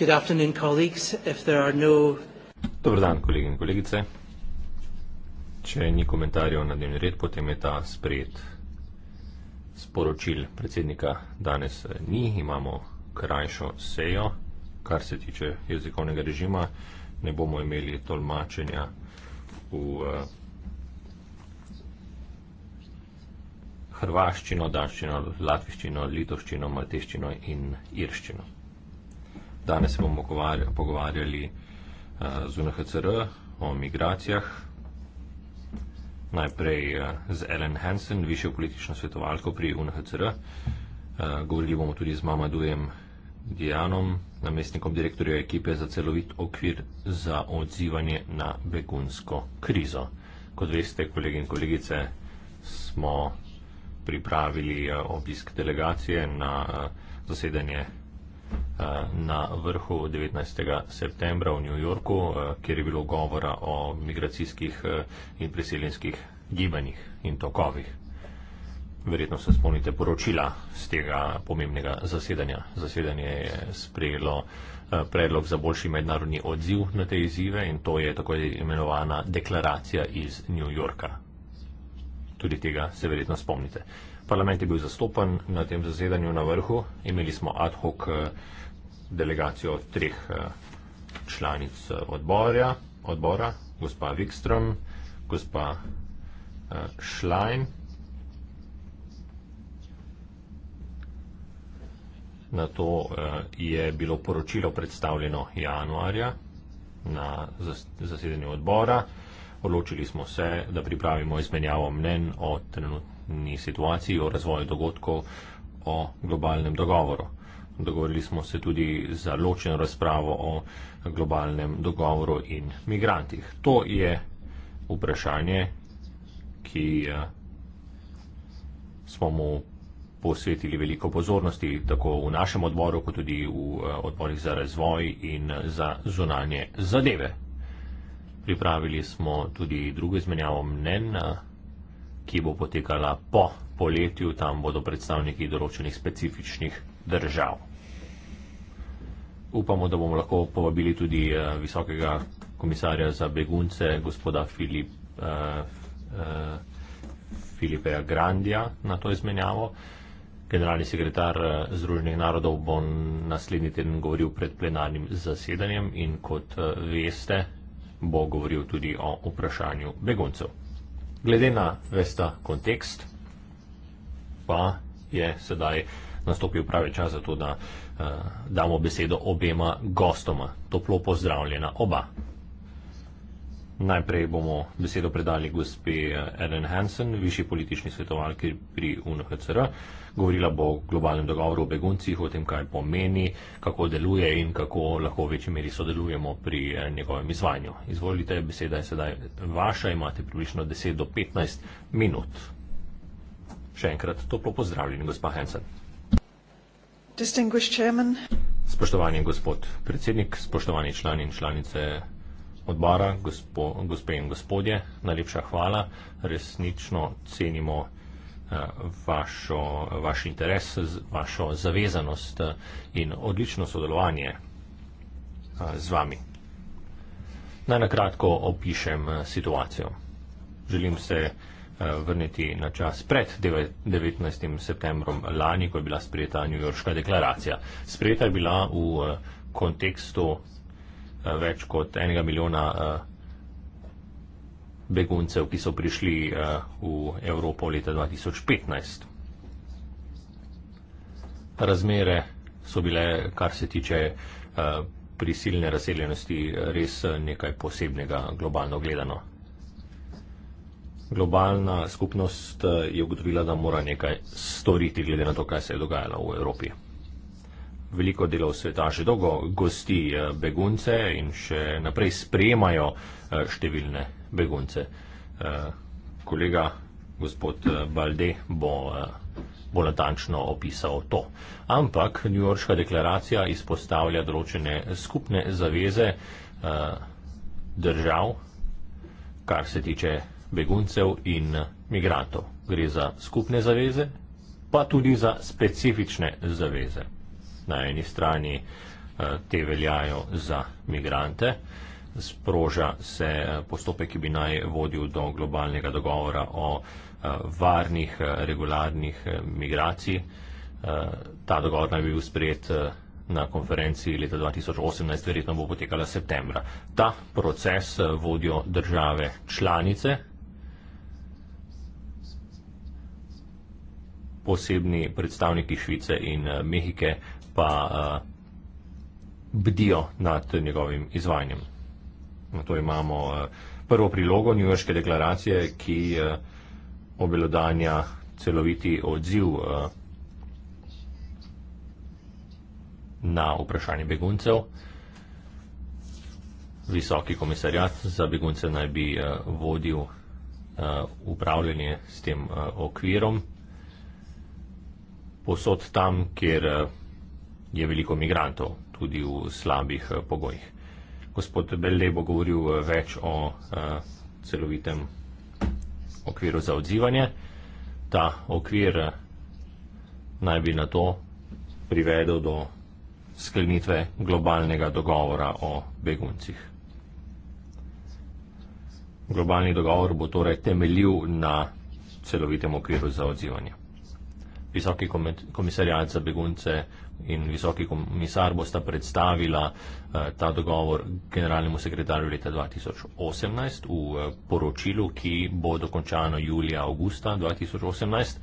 Good afternoon, colleagues. If there are no... Dobar dan, kolegi in kolegice. Če ni komentarjev na dnevni red, potem je ta sprejet sporočil predsednika danes eh, ni. Imamo krajšo sejo, kar se tiče jezikovnega režima. Ne bomo imeli tolmačenja v uh, hrvaščino, danščino, latviščino, litovščino, malteščino in irščino. Danes se bomo pogovarjali eh, z UNHCR o migracijah. Najprej eh, z Ellen Hansen, višjo politično svetovalko pri UNHCR. Eh, govorili bomo tudi z Mamadujem Dijanom, namestnikom direktorja ekipe za celovit okvir za odzivanje na begunsko krizo. Kot veste, kolegi in kolegice, smo pripravili obisk delegacije na zasedanje Eh, na vrhu 19. septembra v New Yorku, eh, kjer je bilo govora o migracijskih eh, in priseljenskih gibanjih in tokovih. Verjetno se spomnite poročila z tega pomembnega zasedanja. Zasedanje je sprejelo predlog za boljši mednarodni odziv na te izzive in to je tako imenovana deklaracija iz New Yorka. Tudi tega se verjetno spomnite. Parlament je bil zastopan na tem zasedanju na vrhu. Imeli smo ad hoc delegacijo treh eh, članic eh, odborja, odbora, gospa Wikström, gospa Šlajn, eh, Na to je bilo poročilo predstavljeno januarja na zasedanju odbora. Odločili smo se, da pripravimo izmenjavo mnen o trenutni situaciji, o razvoju dogodkov, o globalnem dogovoru dogovorili smo se tudi za ločeno razpravo o globalnem dogovoru in migrantih. To je vprašanje, ki eh, smo mu posvetili veliko pozornosti, tako v našem odboru, kot tudi v eh, odborih za razvoj in eh, za zunanje zadeve. Pripravili smo tudi drugo izmenjavo mnen, ki bo potekala po poletju, tam bodo predstavniki določenih specifičnih držav upamo, da bomo lahko povabili tudi uh, visokega komisarja za begunce, gospoda Filip, uh, uh, Filipeja Grandija, na to izmenjavo. Generalni sekretar Združenih narodov bo naslednji teden govoril pred plenarnim zasedanjem in kot veste, bo govoril tudi o vprašanju beguncev. Glede na vesta kontekst pa je sedaj nastopil pravi čas za to, da Eh, damo besedo obema gostoma. Toplo pozdravljena oba. Najprej bomo besedo predali gospe eh, Ellen Hansen, višji politični svetovalki pri UNHCR. Govorila bo o globalnem dogovoru o beguncih, o tem, kaj pomeni, kako deluje in kako lahko v večji meri sodelujemo pri eh, njegovem izvajanju. Izvolite, beseda je sedaj vaša, imate približno 10 do 15 minut. Še enkrat toplo pozdravljeni, gospa Hansen. Spoštovani gospod predsednik, spoštovani člani in članice odbora, gospo, gospe in gospodje, najlepša hvala. Resnično cenimo uh, vašo, vaš interes, vašo zavezanost eh, in odlično sodelovanje uh, z vami. Naj nakratko opišem situacijo. Želim se. Uh, Eh, vrniti na čas pred 19. septembrom lani, ko je bila sprejeta New Yorkška deklaracija. Sprejeta je bila v eh, kontekstu eh, več kot enega milijona beguncev, ki so prišli v Evropo leta 2015. Razmere so bile, kar se tiče prisilne razseljenosti, res nekaj posebnega globalno gledano globalna skupnost eh, je ugotovila, da mora nekaj storiti, glede na to, kaj se je dogajalo v Evropi. Veliko delov sveta že dolgo gosti eh, begunce in še naprej sprejemajo eh, številne begunce. Kolega gospod Balde bo bolj natančno opisal to. Ampak New Yorkska deklaracija izpostavlja določene skupne zaveze držav, kar se tiče beguncev in migrantov. Gre za skupne zaveze, pa tudi za specifične zaveze. Na eni strani eh, te veljajo za migrante, sproža se eh, postopek, ki bi naj vodil do globalnega dogovora o eh, varnih, regularnih migracij. Ta dogovor naj bi bil sprejet na konferenci leta 2018, verjetno bo potekala septembra. Ta proces vodijo države članice, osebni predstavniki Švice in eh, Mehike pa eh, bdijo nad njegovim izvajanjem. Na to imamo eh, prvo prilogo Njujorške deklaracije, ki obelodanja celoviti odziv na vprašanje beguncev. Visoki komisarjat za begunce naj bi vodil upravljanje s tem okvirom posod tam, kjer eh, je veliko migrantov, tudi v slabih eh, pogojih. Gospod Belle bo govoril eh, več o celovitem okviru za odzivanje. Ta okvir naj bi na to privedel do sklenitve globalnega dogovora o beguncih. Globalni dogovor bo torej temeljil na celovitem okviru za odzivanje visoki komisarjat za begunce in visoki komisar bosta predstavila eh, ta dogovor generalnemu sekretarju leta 2018 v eh, poročilu, ki bo dokončano julija-augusta 2018.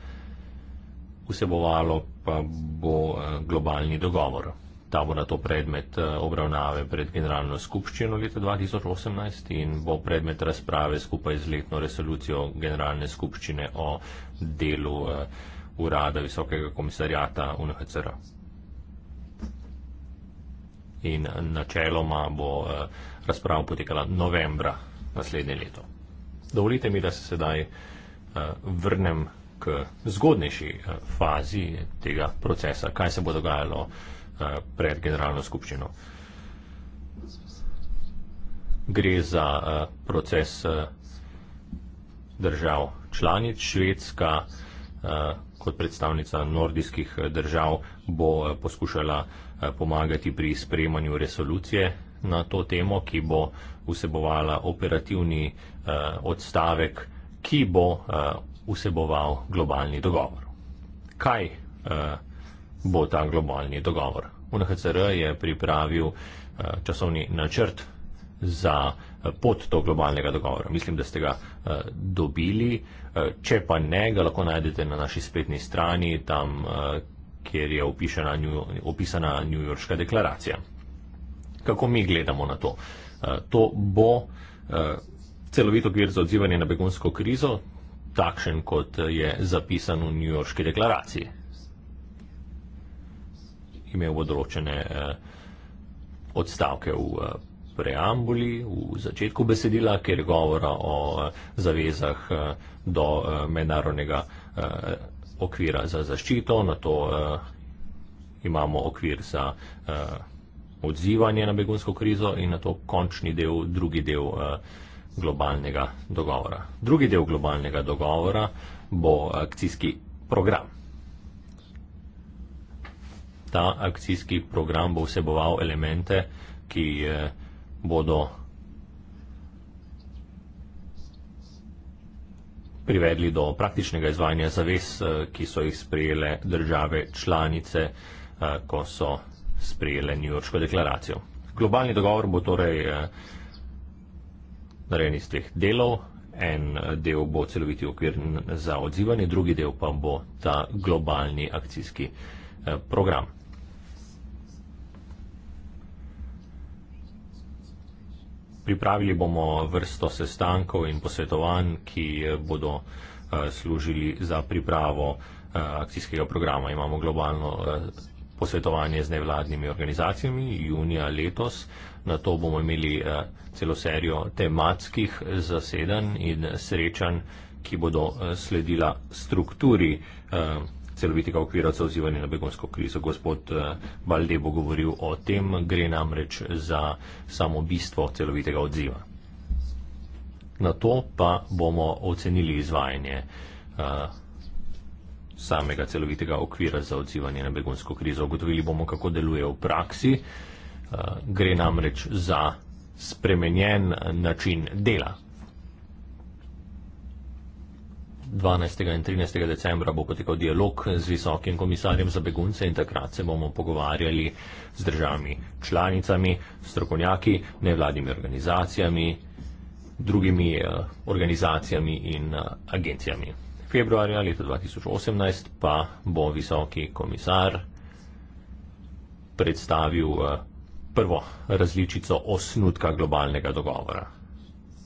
Vsebovalo pa bo eh, globalni dogovor. Ta bo na to predmet obravnave pred Generalno skupščino leta 2018 in bo predmet razprave skupaj z letno resolucijo Generalne skupščine o delu eh, urada visokega komisarjata UNHCR. In načeloma bo eh, razprava potekala novembra naslednje leto. Dovolite mi, da se sedaj eh, vrnem k zgodnejši eh, fazi tega procesa, kaj se bo dogajalo pred generalno skupščino. Gre za proces držav članic, Švedska, Eh, kot predstavnica nordijskih eh, držav bo eh, poskušala pomagati pri sprejemanju resolucije na to temo, ki bo vsebovala operativni odstavek, ki bo vseboval globalni dogovor. Kaj bo ta globalni dogovor? UNHCR je pripravil časovni načrt za pot do globalnega dogovora. Mislim, da ste ga dobili. Eh, če pa ne, ga lahko najdete na naši spletni strani, tam, eh, kjer je opisana New, opisana New Yorkška deklaracija. Kako mi gledamo na to? Eh, to bo celovit okvir za odzivanje na begunsko krizo, takšen, kot je zapisan v New Yorkški deklaraciji. Imel bo določene odstavke v preambuli, v začetku besedila, kjer govora o eh, zavezah eh, do eh, mednarodnega okvira za zaščito, na to imamo okvir za odzivanje na begunsko krizo in na to končni del, drugi del globalnega dogovora. Drugi del globalnega dogovora bo akcijski program. Ta akcijski program bo vseboval elemente, ki eh, bodo privedli do praktičnega izvajanja zavez, eh, ki so jih sprejele države članice, eh, ko so sprejele New Yorkško deklaracijo. Globalni dogovor bo torej eh, narejen iz teh delov. En del bo celoviti okvir za odzivanje, drugi del pa bo ta globalni akcijski program. Pripravili bomo vrsto sestankov in posvetovanj, ki eh, bodo eh, služili za pripravo eh, akcijskega programa. Imamo globalno posvetovanje z nevladnimi organizacijami junija letos. Na to bomo imeli celo serijo tematskih zasedanj in srečanj, ki bodo sledila strukturi celovitega okvira za odzivanje na begonsko krizo. Gospod eh, Balde bo govoril o tem, gre namreč za samo bistvo celovitega odziva. Na to pa bomo ocenili izvajanje eh, samega celovitega okvira za odzivanje na begonsko krizo. Ugotovili bomo, kako deluje v praksi. Eh, gre namreč za spremenjen način dela. 12. in 13. decembra bo potekal dialog z visokim komisarjem za begunce in takrat se bomo pogovarjali z državami članicami, strokovnjaki, nevladnimi organizacijami, drugimi eh, organizacijami in eh, agencijami. Februarja leta 2018 pa bo visoki komisar predstavil eh, prvo različico osnutka globalnega dogovora.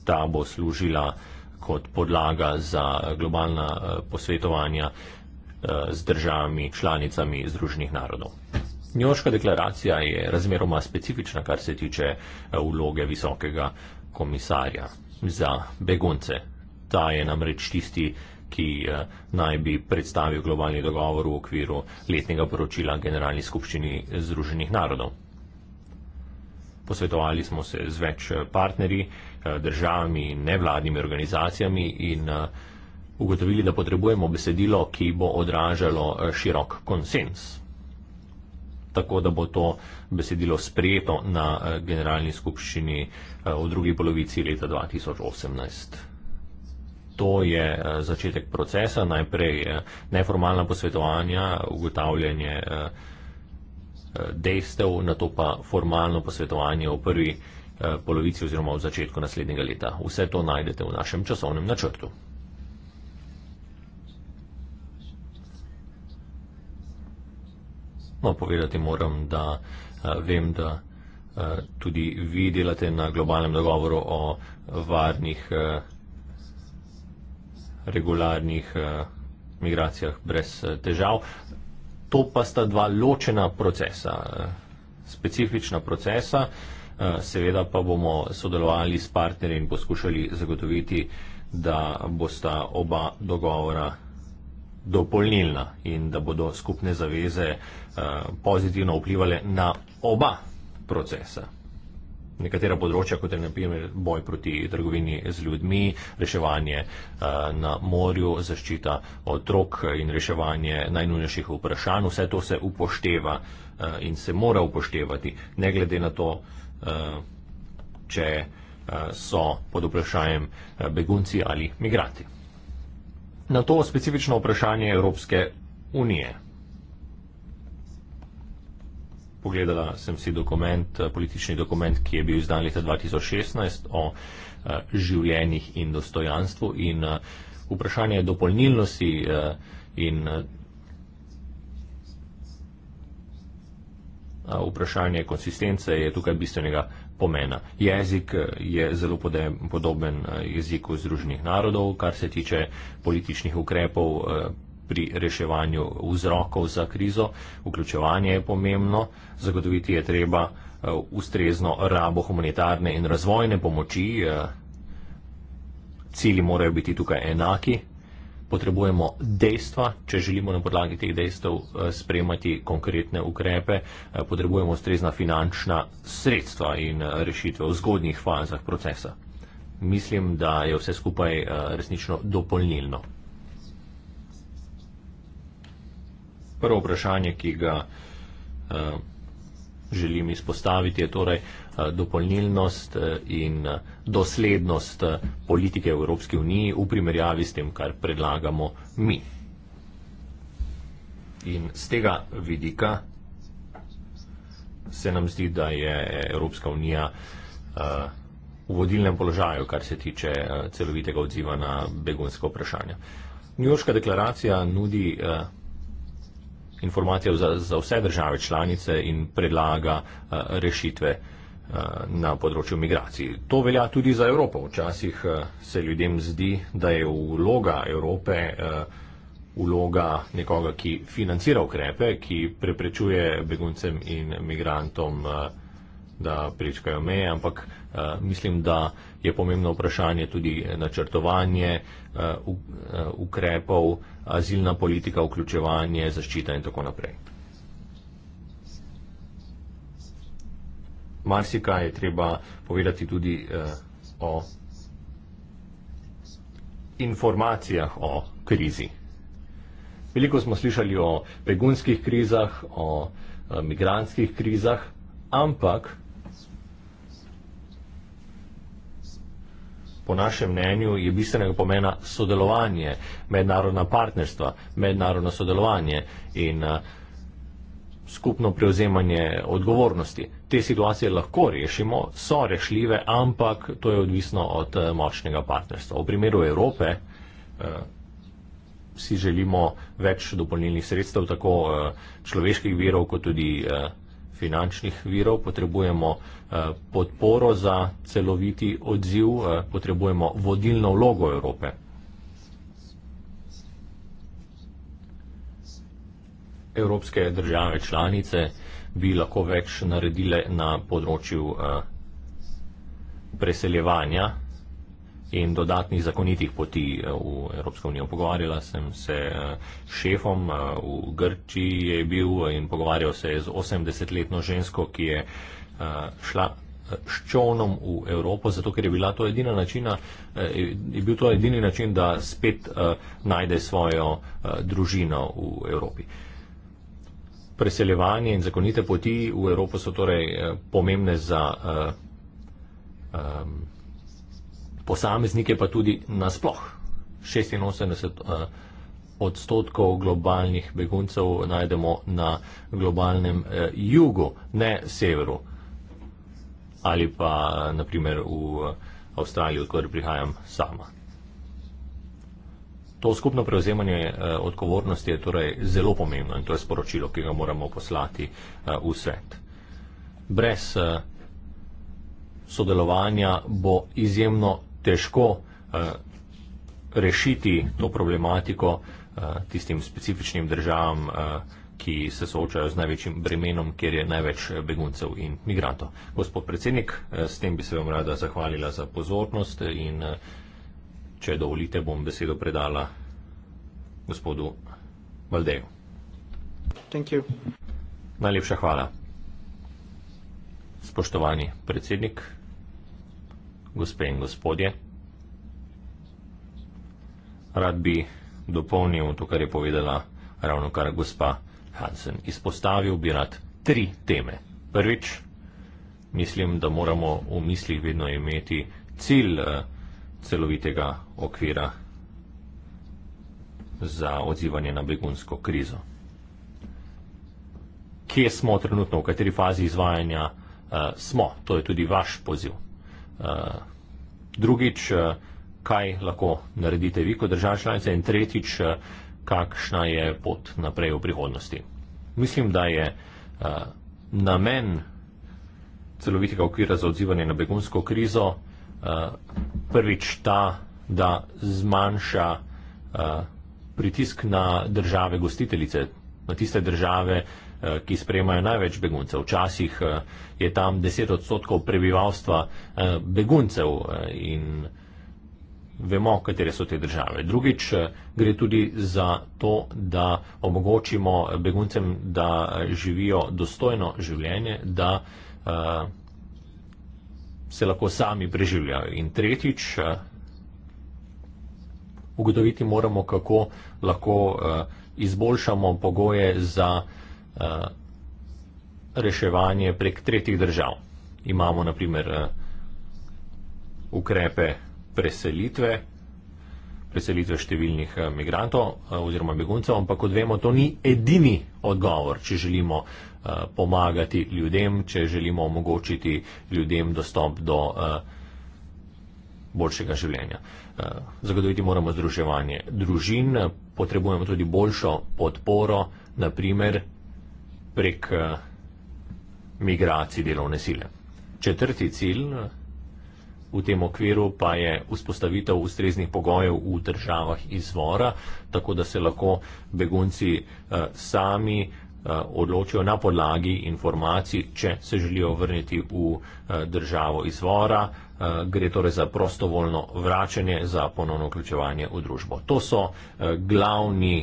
Ta bo služila kot podlaga za globalna eh, posvetovanja eh, z državami članicami Združenih narodov. Njoška deklaracija je razmeroma specifična, kar se tiče eh, vloge visokega komisarja za begunce. Ta je namreč tisti, ki naj bi predstavil globalni dogovor v okviru letnega poročila Generalni skupščini Združenih narodov posvetovali smo se z več eh, partnerji, eh, državami in nevladnimi organizacijami in eh, ugotovili, da potrebujemo besedilo, ki bo odražalo širok konsens. Tako da bo to besedilo sprejeto na generalni skupščini v drugi polovici leta 2018. To je začetek procesa, najprej neformalna posvetovanja, ugotavljanje eh, dejstev, na to pa formalno posvetovanje v prvi eh, polovici oziroma v začetku naslednjega leta. Vse to najdete v našem časovnem načrtu. No, povedati moram, da eh, vem, da eh, tudi vi delate na globalnem dogovoru o varnih, regularnih migracijah brez težav to pa sta dva ločena procesa, specifična procesa. Eh, seveda pa bomo sodelovali s partnerji in poskušali zagotoviti, da bosta oba dogovora dopolnilna in da bodo skupne zaveze eh, pozitivno vplivali na oba procesa nekatera področja, kot je naprimer boj proti trgovini z ljudmi, reševanje eh, na morju, zaščita otrok in reševanje najnujnejših vprašanj. Vse to se upošteva eh, in se mora upoštevati, ne glede na to, eh, če so pod vprašanjem begunci ali migranti. Na to specifično vprašanje Evropske unije pogledala sem si dokument, eh, politični dokument, ki je bil izdan leta 2016 o eh, življenjih in dostojanstvu in eh, vprašanje dopolnilnosti in vprašanje konsistence je tukaj bistvenega pomena. Jezik je zelo podoben jeziku Združenih narodov, kar se tiče političnih ukrepov pri reševanju vzrokov za krizo. Vključevanje je pomembno, zagotoviti je treba eh, ustrezno rabo humanitarne in razvojne pomoči. Eh, Cili morajo biti tukaj enaki. Potrebujemo dejstva, če želimo na podlagi teh dejstev eh, spremati konkretne ukrepe. Potrebujemo ustrezna finančna sredstva in rešitve v zgodnjih fazah procesa. Mislim, da je vse skupaj resnično dopolnilno. prvo vprašanje, ki ga eh, želim izpostaviti, je torej eh, dopolnilnost eh, in doslednost politike v Evropski uniji v primerjavi s tem, kar predlagamo mi. In z tega vidika se nam zdi, da je Evropska unija v vodilnem položaju, kar se tiče celovitega odziva na begunsko vprašanje. Njujorška deklaracija nudi informacijo za, za vse države članice in predlaga eh, rešitve eh, na področju migracij. To velja tudi za Evropo. Včasih eh, se ljudem zdi, da je vloga Evrope vloga nekoga, ki financira ukrepe, ki preprečuje beguncem in migrantom da prečkajo meje, ampak eh, mislim, da je pomembno vprašanje tudi načrtovanje eh, eh, ukrepov, azilna politika, vključevanje, zaščita in tako naprej. Marsika je treba povedati tudi o informacijah o krizi. Veliko smo slišali o begunskih krizah, o migranskih krizah, ampak po našem mnenju je bistvenega pomena sodelovanje, mednarodna partnerstva, mednarodno sodelovanje in eh, skupno prevzemanje odgovornosti. Te situacije lahko rešimo, so rešljive, ampak to je odvisno od eh, močnega partnerstva. V primeru Evrope eh, si želimo več dopolnilnih sredstev, tako človeških virov, kot tudi finančnih virov, potrebujemo eh, podporo za celoviti odziv, eh, potrebujemo vodilno vlogo Evrope. Evropske države članice bi lahko več naredile na področju eh, preseljevanja in dodatnih zakonitih poti eh, v Evropsko unijo. Pogovarjala sem se eh, s šefom eh, v Grčiji je bil in pogovarjal se je z 80-letno žensko, ki je šla s čovnom v Evropo, zato ker je, bila to načina, je bil to edini način, da spet najde svojo družino v Evropi. Preseljevanje in zakonite poti v Evropo so torej pomembne za posameznike, pa tudi nasploh. 86 eh, odstotkov globalnih beguncev najdemo na globalnem eh, jugu, ne severu ali pa naprimer v eh, Avstraliji, odkud prihajam sama. To skupno prevzemanje odgovornosti je torej zelo pomembno in to je sporočilo, ki ga moramo poslati v svet. Brez sodelovanja bo izjemno težko eh, rešiti to problematiko eh, tistim specifičnim državam, eh, ki se soočajo z največjim bremenom, kjer je največ beguncev in migrantov. Gospod predsednik, s tem bi se vam rada zahvalila za pozornost in če dovolite, bom besedo predala gospodu Valdeju. Najlepša hvala. Spoštovani predsednik, gospe in gospodje. Rad bi dopolnil to, kar je povedala ravno kar gospa Hansen. Izpostavil bi rad tri teme. Prvič, mislim, da moramo v mislih vedno imeti cilj eh, celovitega okvira za odzivanje na begunsko krizo. Kje smo trenutno, v kateri fazi izvajanja uh, smo? To je tudi vaš poziv. Eh, drugič, eh, kaj lahko naredite vi kot država članica in tretjič, eh, kakšna je pot naprej v prihodnosti. Mislim, da je namen celovitega okvira za odzivanje na begunsko krizo prvič ta, da zmanjša pritisk na države gostiteljice, na tiste države, Eh, ki sprejemajo največ beguncev. Včasih eh, je tam 10 odstotkov prebivalstva eh, beguncev in vemo, katere so te države. Drugič gre tudi za to, da omogočimo beguncem, da živijo dostojno življenje, da se lahko sami preživljajo. In tretjič, ugotoviti moramo, kako lahko izboljšamo pogoje za Eh, reševanje prek tretjih držav. Imamo naprimer eh, ukrepe preselitve, preselitve številnih eh, migrantov oziroma beguncev, ampak kot vemo, to ni edini odgovor, če želimo pomagati ljudem, če želimo omogočiti ljudem dostop do boljšega življenja. Zagotoviti moramo združevanje družin, potrebujemo tudi boljšo podporo, naprimer prek eh, migracij delovne sile. Četrti cilj eh, v tem okviru pa je vzpostavitev ustreznih pogojev v državah izvora, tako da se lahko begunci eh, sami odločijo na podlagi informacij, če se želijo vrniti v državo izvora. Gre torej za prostovoljno vračanje, za ponovno vključevanje v družbo. To so glavni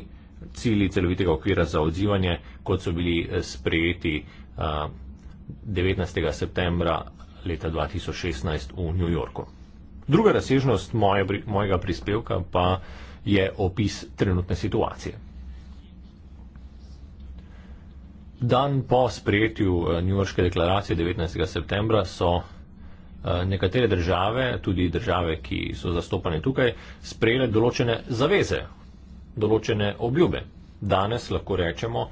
cilji celovitega okvira za odzivanje, kot so bili eh, sprejeti 19. Eh, septembra leta 2016 v New Yorku. Druga razsežnost moje, mojega prispevka pa je opis trenutne situacije. Dan po sprejetju eh, New Yorkske deklaracije 19. septembra so nekatere države, tudi države, ki so zastopane tukaj, sprejele določene zaveze določene obljube. Danes lahko rečemo,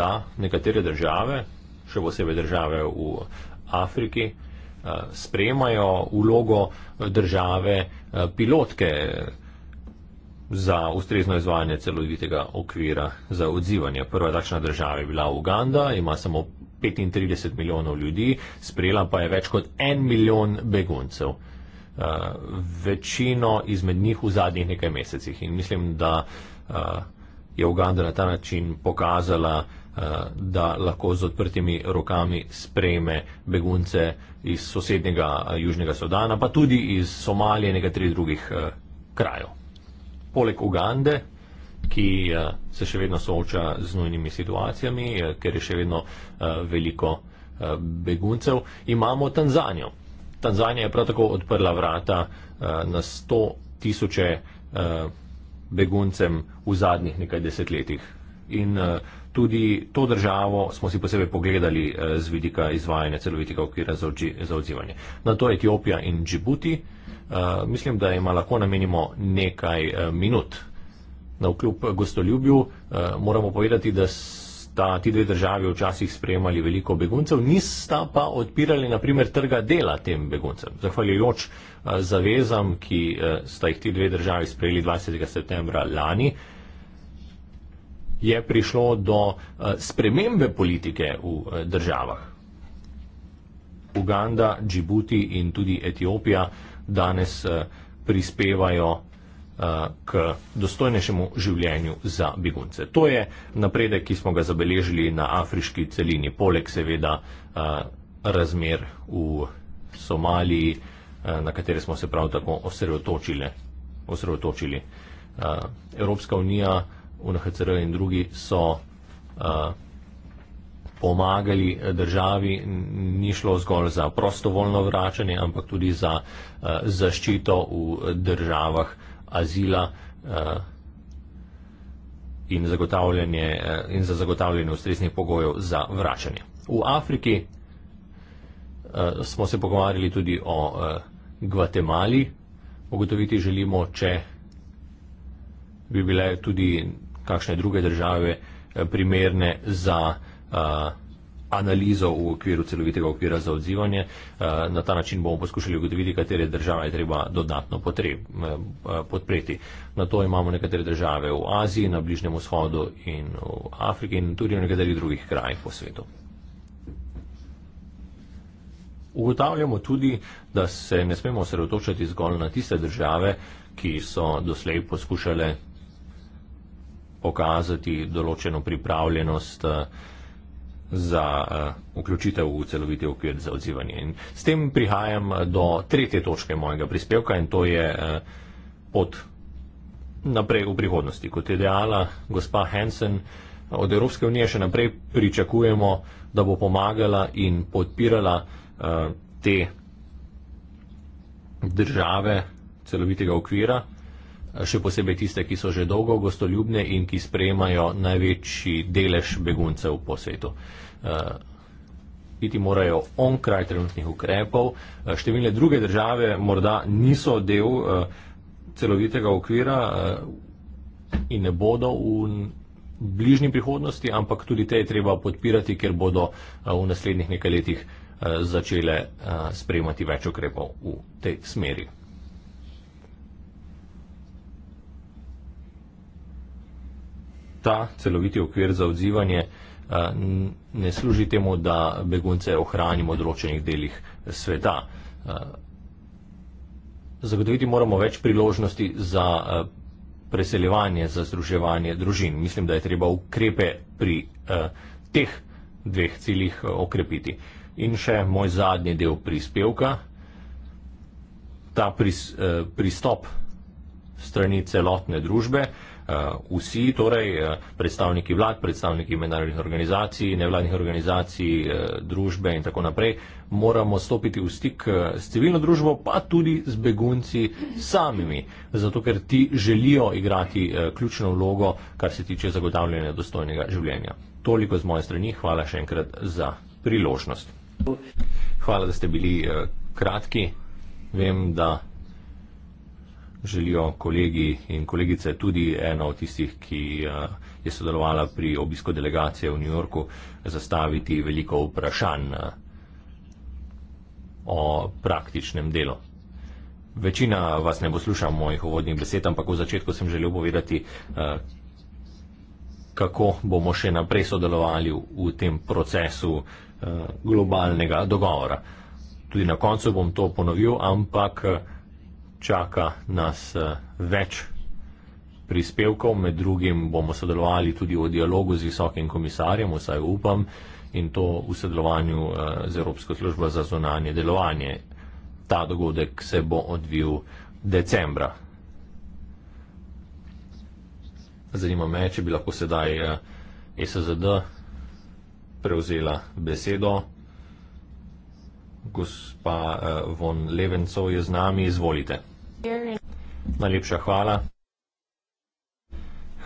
da nekatere države, še posebej države v Afriki, eh, sprejemajo ulogo eh, države eh, pilotke za ustrezno izvajanje celovitega okvira za odzivanje. Prva takšna država je bila Uganda, ima samo 35 milijonov ljudi, sprejela pa je več kot en milijon beguncev. Večino izmed njih v zadnjih nekaj mesecih. In mislim, da Eh, je Uganda na ta način pokazala, eh, da lahko z odprtimi rokami sprejme begunce iz sosednjega eh, Južnega Sudana, pa tudi iz Somalije in nekaterih drugih krajev. Poleg Ugande, ki se še vedno sooča z nujnimi situacijami, ker je še vedno veliko beguncev, imamo Tanzanijo. Tanzanija je prav tako odprla vrata na sto tisoče beguncem v zadnjih nekaj desetletjih. In eh, tudi to državo smo si posebej pogledali eh, z vidika izvajanja celovitega okvira za odzivanje. Na to Etiopija in Džibuti, eh, mislim, da ima lahko namenimo nekaj minut. Na vkljub gostoljubju moramo povedati, da sta ti dve državi včasih sprejemali veliko beguncev, nista pa odpirali naprimer trga dela tem beguncem. Zahvaljujoč eh, zavezam, ki eh, sta jih ti dve državi sprejeli 20. septembra lani, je prišlo do eh, spremembe politike v državah. Uganda, Džibuti in tudi Etiopija danes prispevajo k dostojnejšemu življenju za begunce. To je napredek, ki smo ga zabeležili na afriški celini, poleg seveda razmer v Somaliji, na katere smo se prav tako osredotočili. osredotočili. Evropska unija, UNHCR in drugi so pomagali državi, ni šlo zgolj za prostovoljno vračanje, ampak tudi za zaščito v državah, azila eh, in, eh, in za zagotavljanje ustreznih pogojev za vračanje. V Afriki eh, smo se pogovarjali tudi o Gvatemali. Ugotoviti želimo, če bi bile tudi kakšne druge države primerne za analizo v okviru celovitega okvira za odzivanje. Eh, na ta način bomo poskušali ugotoviti, katere države je treba dodatno potreb, eh, podpreti. Na to imamo nekatere države v Aziji, na Bližnjem vzhodu in v Afriki in tudi v nekaterih drugih krajih po svetu. Ugotavljamo tudi, da se ne smemo osredotočati zgolj na tiste države, ki so doslej poskušale pokazati določeno pripravljenost uh, za uh, vključitev v celoviti okvir za odzivanje. In s tem prihajam eh, do tretje točke mojega prispevka in to je uh, pot naprej v prihodnosti. Kot je dejala gospa Hansen, od Evropske unije še naprej pričakujemo, da bo pomagala in podpirala uh, te države celovitega okvira, še posebej tiste, ki so že dolgo gostoljubne in ki sprejemajo največji delež beguncev po svetu. Uh, biti eh, morajo onkraj trenutnih ukrepov. Eh, številne druge države morda niso del eh, celovitega okvira in ne bodo v bližnji prihodnosti, ampak tudi te je treba podpirati, ker bodo v naslednjih nekaj letih začele sprejemati več ukrepov v tej smeri. Ta celoviti okvir za odzivanje Eh, ne služi temu, da begunce ohranimo v določenih delih sveta. Eh, zagotoviti moramo več priložnosti za eh, preseljevanje, za združevanje družin. Mislim, da je treba ukrepe pri teh dveh ciljih okrepiti. In še moj zadnji del prispevka, ta pristop strani celotne družbe. Eh, vsi, torej eh, predstavniki vlad, predstavniki mednarodnih organizacij, nevladnih organizacij, eh, družbe in tako naprej, moramo stopiti v stik s civilno družbo, pa tudi z begunci samimi, zato ker ti želijo igrati ključno vlogo, kar se tiče zagotavljanja dostojnega življenja. Toliko z moje strani, hvala še enkrat za priložnost. Hvala, da ste bili kratki. Vem, da želijo kolegi in kolegice, tudi ena od tistih, ki eh, je sodelovala pri obisku delegacije v New Yorku, zastaviti veliko vprašanj eh, o praktičnem delu. Večina vas ne bo slušala mojih uvodnih besed, ampak v začetku sem želel povedati, eh, kako bomo še naprej sodelovali v tem procesu globalnega dogovora. Tudi na koncu bom to ponovil, ampak čaka nas eh, več prispevkov, med drugim bomo sodelovali tudi v dialogu z visokim komisarjem, vsaj upam, in to v sodelovanju eh, z Evropsko službo za zunanje delovanje. Ta dogodek se bo odvil decembra. Zanima me, če bi lahko sedaj eh, SZD prevzela besedo. Gospa von Levencov je z nami, izvolite. Najlepša hvala.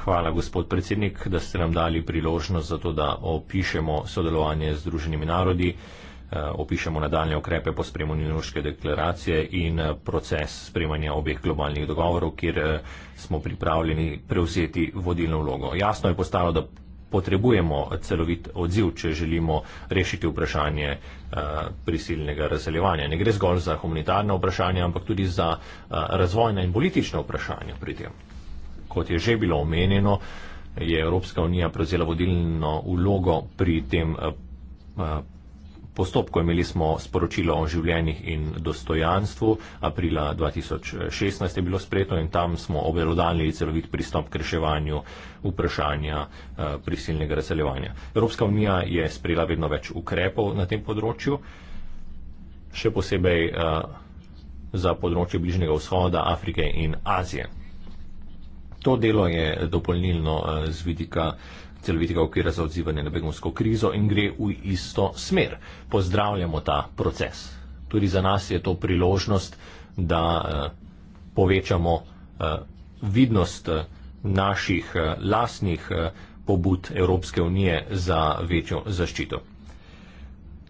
Hvala, gospod predsednik, da ste nam dali priložnost za to, da opišemo sodelovanje z Združenimi narodi, eh, opišemo nadaljne ukrepe po spremu Njenoške deklaracije in eh, proces spremanja obeh globalnih dogovorov, kjer eh, smo pripravljeni prevzeti vodilno vlogo. Jasno je postalo, da potrebujemo celovit odziv, če želimo rešiti vprašanje eh, prisilnega razseljevanja. Ne gre zgolj za humanitarno vprašanje, ampak tudi za eh, razvojna in politična vprašanja pri tem. Kot je že bilo omenjeno, je Evropska unija prevzela vodilno ulogo pri tem. Eh, postopku imeli smo sporočilo o življenjih in dostojanstvu. Aprila 2016 je bilo spreto in tam smo obelodali celovit pristop k reševanju vprašanja eh, prisilnega razseljevanja. Evropska unija je sprejela vedno več ukrepov na tem področju, še posebej eh, za področje Bližnjega vzhoda, Afrike in Azije. To delo je dopolnilno eh, z vidika celovitega okvira za odzivanje na begunsko krizo in gre v isto smer. Pozdravljamo ta proces. Tudi za nas je to priložnost, da eh, povečamo eh, vidnost eh, naših lasnih pobud Evropske unije za večjo zaščito.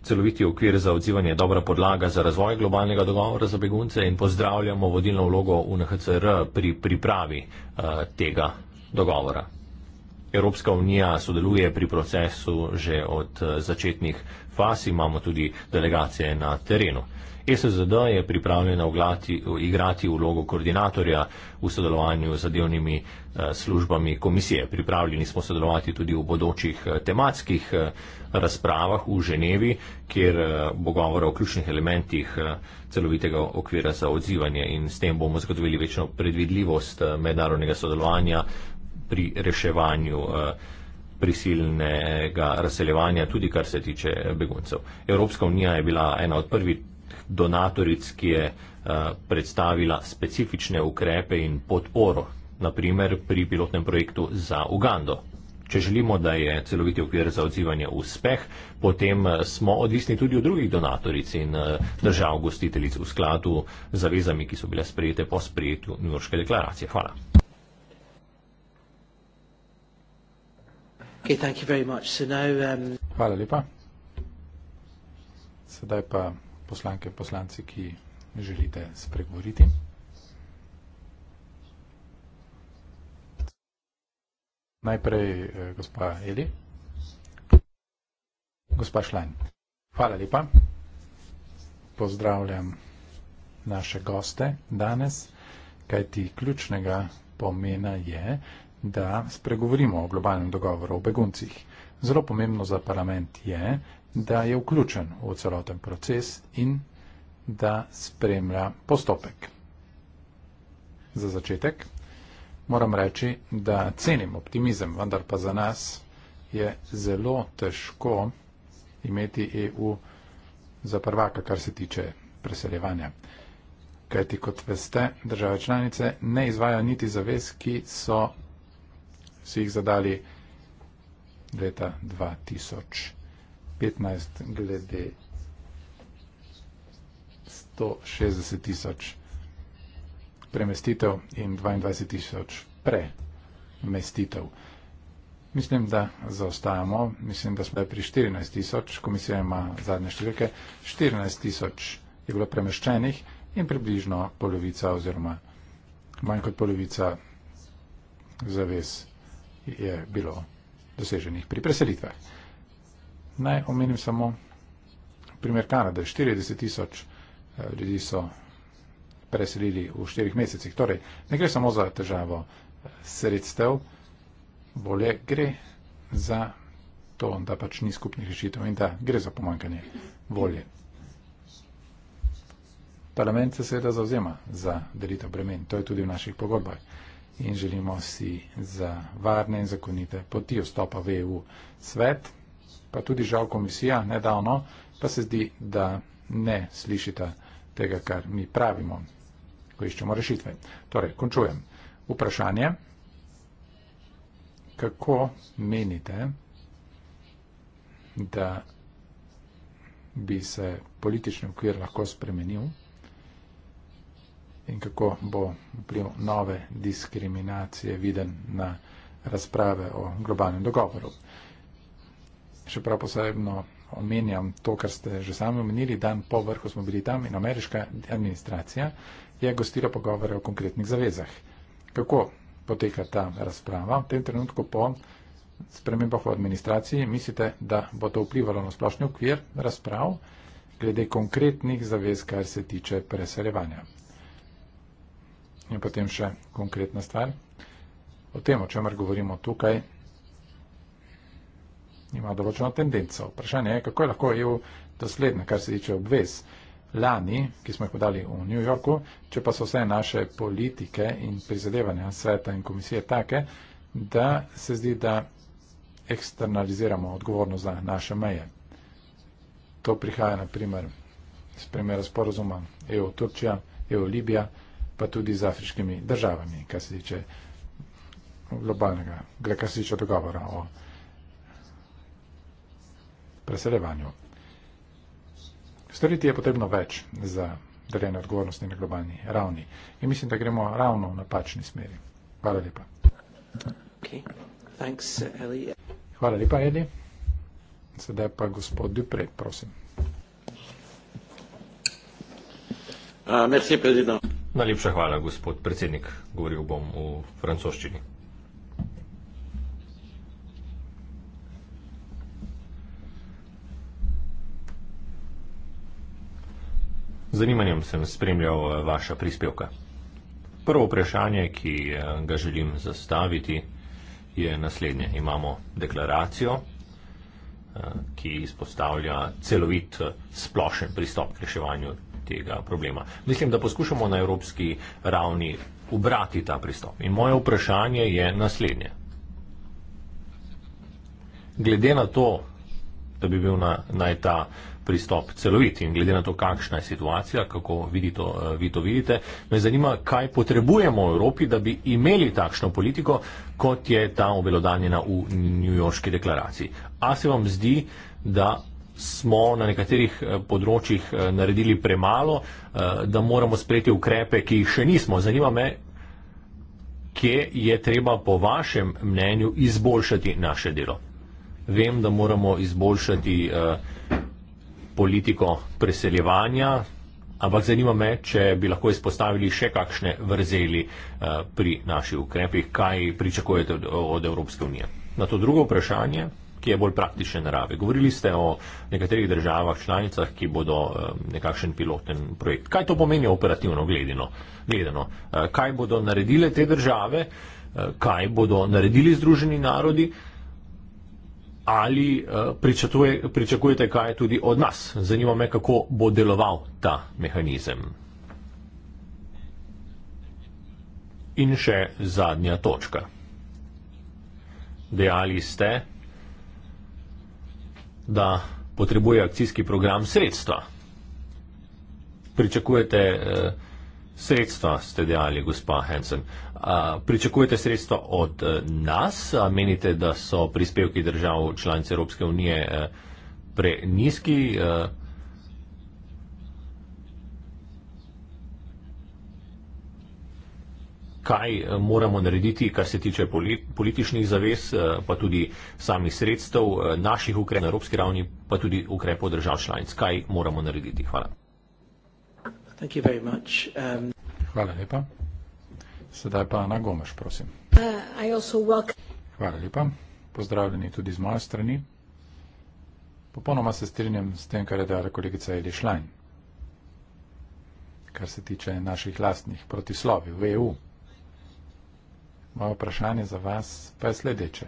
Celoviti okvir za odzivanje je dobra podlaga za razvoj globalnega dogovora za begunce in pozdravljamo vodilno vlogo UNHCR pri pripravi tega dogovora. Evropska unija sodeluje pri procesu že od eh, začetnih faz, imamo tudi delegacije na terenu. E SSD je pripravljena vglati, igrati vlogo koordinatorja v sodelovanju z zadevnimi eh, službami komisije. Pripravljeni smo sodelovati tudi v bodočih eh, tematskih razpravah v Ženevi, kjer bo govora o ključnih elementih celovitega okvira za odzivanje in s tem bomo zagotovili večjo predvidljivost mednarodnega sodelovanja pri reševanju eh, prisilnega razseljevanja, tudi kar se tiče eh, beguncev. Evropska unija je bila ena od prvih donatoric, ki je eh, predstavila specifične ukrepe in podporo, naprimer pri pilotnem projektu za Ugando. Če želimo, da je celoviti okvir za odzivanje uspeh, potem smo odvisni tudi od drugih donatoric in držav gostiteljic v skladu z zavezami, ki so bile sprejete po sprejetju Njurške deklaracije. Hvala. Okay, thank you very much. So now, um... Hvala lepa. Sedaj pa poslanke in poslanci, ki želite spregovoriti. Najprej eh, gospa Eli. Gospa Šlajn. Hvala lepa. Pozdravljam naše goste danes, kajti ključnega pomena je, da spregovorimo o globalnem dogovoru o beguncih. Zelo pomembno za parlament je, da je vključen v celoten proces in da spremlja postopek. Za začetek moram reči, da cenim optimizem, vendar pa za nas je zelo težko imeti EU za prvaka, kar se tiče preseljevanja. Kajti, kot veste, države članice ne izvajo niti zavez, ki so si jih zadali leta 2015 glede 160 tisoč premestitev in 22 tisoč premestitev. Mislim, da zaostajamo. Mislim, da smo pri 14 tisoč, komisija ima zadnje številke, 14 tisoč je bilo premeščenih in približno polovica oziroma manj kot polovica zaves je bilo doseženih pri preselitvah. Naj omenim samo primer Kanade. 40 tisoč eh, ljudi so preselili v štirih mesecih. Torej, ne gre samo za težavo eh, sredstev, bolje gre za to, da pač ni skupnih rešitev in da gre za pomankanje volje. Parlament se seveda zauzema za delitev bremen. To je tudi v naših pogodbah in želimo si za varne in zakonite poti vstopa v EU. Svet, pa tudi žal komisija, nedavno pa se zdi, da ne slišita tega, kar mi pravimo, ko iščemo rešitve. Torej, končujem. Vprašanje, kako menite, da bi se politični okvir lahko spremenil? in kako bo vpliv nove diskriminacije viden na razprave o globalnem dogovoru. Še prav posebno omenjam to, kar ste že sami omenili, dan po vrhu smo bili tam in ameriška administracija je gostila pogovore o konkretnih zavezah. Kako poteka ta razprava? V tem trenutku po spremembah v administraciji mislite, da bo to vplivalo na splošni okvir razprav glede konkretnih zavez, kar se tiče preseljevanja? In potem še konkretna stvar. O tem, o čemer govorimo tukaj, ima določeno tendenco. Vprašanje je, kako je lahko EU dosledna, kar se tiče obvez lani, ki smo jih podali v New Yorku, če pa so vse naše politike in prizadevanja sveta in komisije take, da se zdi, da eksternaliziramo odgovornost za naše meje. To prihaja na primer iz primera sporozuma EU-Turčija, EU-Libija. EU pa tudi z afriškimi državami, kar se tiče globalnega, kar se tiče dogovora o preseljevanju. Storiti je potrebno več za deljene odgovornosti na globalni ravni in mislim, da gremo ravno v napačni smeri. Hvala lepa. Okay. Thanks, Hvala lepa, Eli. Sedaj pa gospod Dupre, prosim. Uh, merci, predsednik. Najlepša hvala, gospod predsednik. Govoril bom v francoščini. Zanimanjem sem spremljal eh, vaša prispevka. Prvo vprašanje, ki eh, ga želim zastaviti, je naslednje. Imamo deklaracijo, eh, ki izpostavlja celovit splošen pristop k reševanju tega problema. Mislim, da poskušamo na evropski ravni ubrati ta pristop. In moje vprašanje je naslednje. Glede na to, da bi bil naj na ta pristop celovit in glede na to, kakšna je situacija, kako vidi to, eh, vi to vidite, me zanima, kaj potrebujemo v Evropi, da bi imeli takšno politiko, kot je ta obelodanjena v New Yorkski deklaraciji. A se vam zdi, da smo na nekaterih eh, področjih eh, naredili premalo, eh, da moramo sprejeti ukrepe, ki jih še nismo. Zanima me, kje je treba po vašem mnenju izboljšati naše delo. Vem, da moramo izboljšati politiko preseljevanja, ampak zanima me, če bi lahko izpostavili še kakšne vrzeli pri naših ukrepih, kaj pričakujete od Evropske unije. Na to drugo vprašanje ki je bolj praktičen narave. Govorili ste o nekaterih državah, članicah, ki bodo eh, nekakšen piloten projekt. Kaj to pomeni operativno gledeno? gledeno? Eh, kaj bodo naredile te države? Eh, kaj bodo naredili združeni narodi? Ali pričakuje, pričakujete kaj tudi od nas? Zanima me, kako bo deloval ta mehanizem. In še zadnja točka. Dejali ste, da potrebuje akcijski program sredstva. Pričakujete eh, sredstva, ste dejali, gospa Hansen. A, pričakujete sredstva od eh, nas? A menite, da so prispevki držav članice Evropske unije eh, pre nizki? Eh, kaj eh, moramo narediti, kar se tiče političnih zavez, eh, pa tudi samih sredstev, eh, naših ukrepov na evropski ravni, pa tudi ukrepov držav članic. Kaj moramo narediti? Hvala. Um, Hvala lepa. Sedaj pa Ana Gomes, prosim. Uh, Hvala lepa. Pozdravljeni tudi z moje strani. Popolnoma se strinjam s tem, kar je dejala kolegica Eli Šlajn, kar se tiče naših lastnih protislovi v EU. Moje vprašanje za vas pa je sledeče.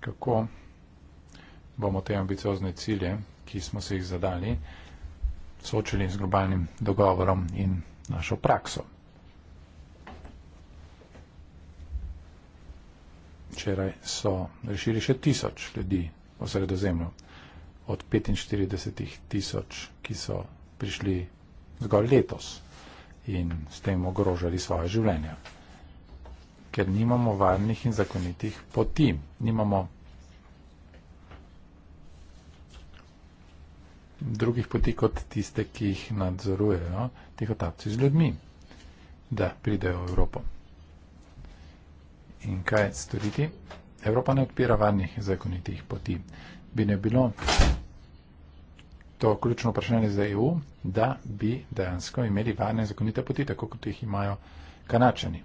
Kako bomo te ambiciozne cilje, ki smo se jih zadali, soočili z globalnim dogovorom in našo prakso? Včeraj so rešili še tisoč ljudi v sredozemlju, od 45 tisoč, ki so prišli zgolj letos in s tem ogrožali svoje življenje ker nimamo varnih in zakonitih poti. Nimamo drugih poti kot tiste, ki jih nadzorujejo tihotapci z ljudmi, da pridejo v Evropo. In kaj storiti? Evropa ne odpira varnih in zakonitih poti. Bi ne bilo to ključno vprašanje za EU, da bi dejansko imeli varne in zakonite poti, tako kot jih imajo kanačani.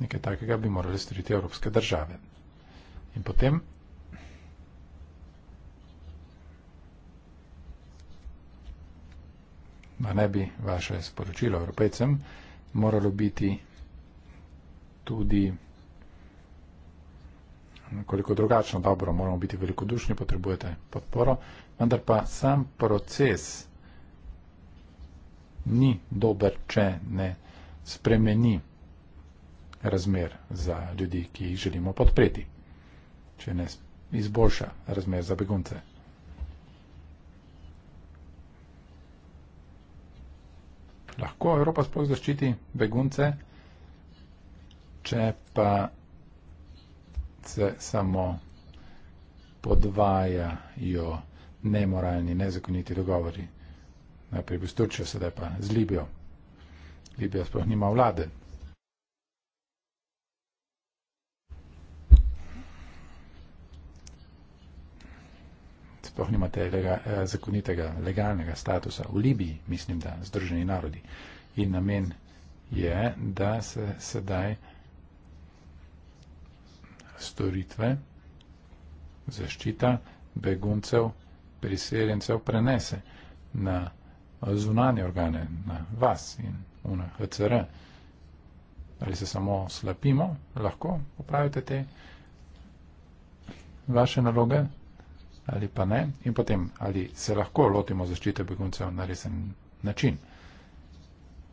Nekaj takega bi morali storiti evropske države. In potem. Ma ne bi vaše sporočilo evropejcem moralo biti tudi nekoliko drugačno dobro, moramo biti velikodušni, potrebujete podporo, vendar pa sam proces ni dober, če ne spremeni razmer za ljudi, ki jih želimo podpreti, če ne izboljša razmer za begunce. Lahko Evropa sploh zaščiti begunce, če pa se samo podvajajo nemoralni, nezakoniti dogovori. Najprej bi s Turčjo, sedaj pa z Libijo. Libija sploh nima vlade, sploh nimate lega, eh, zakonitega, legalnega statusa. V Libiji, mislim, da združeni narodi. In namen je, da se sedaj storitve, zaščita beguncev, priseljencev prenese na zunanje organe, na vas in na HCR. Ali se samo slapimo, lahko popravite te vaše naloge, ali pa ne, in potem ali se lahko lotimo zaščite beguncev na resen način.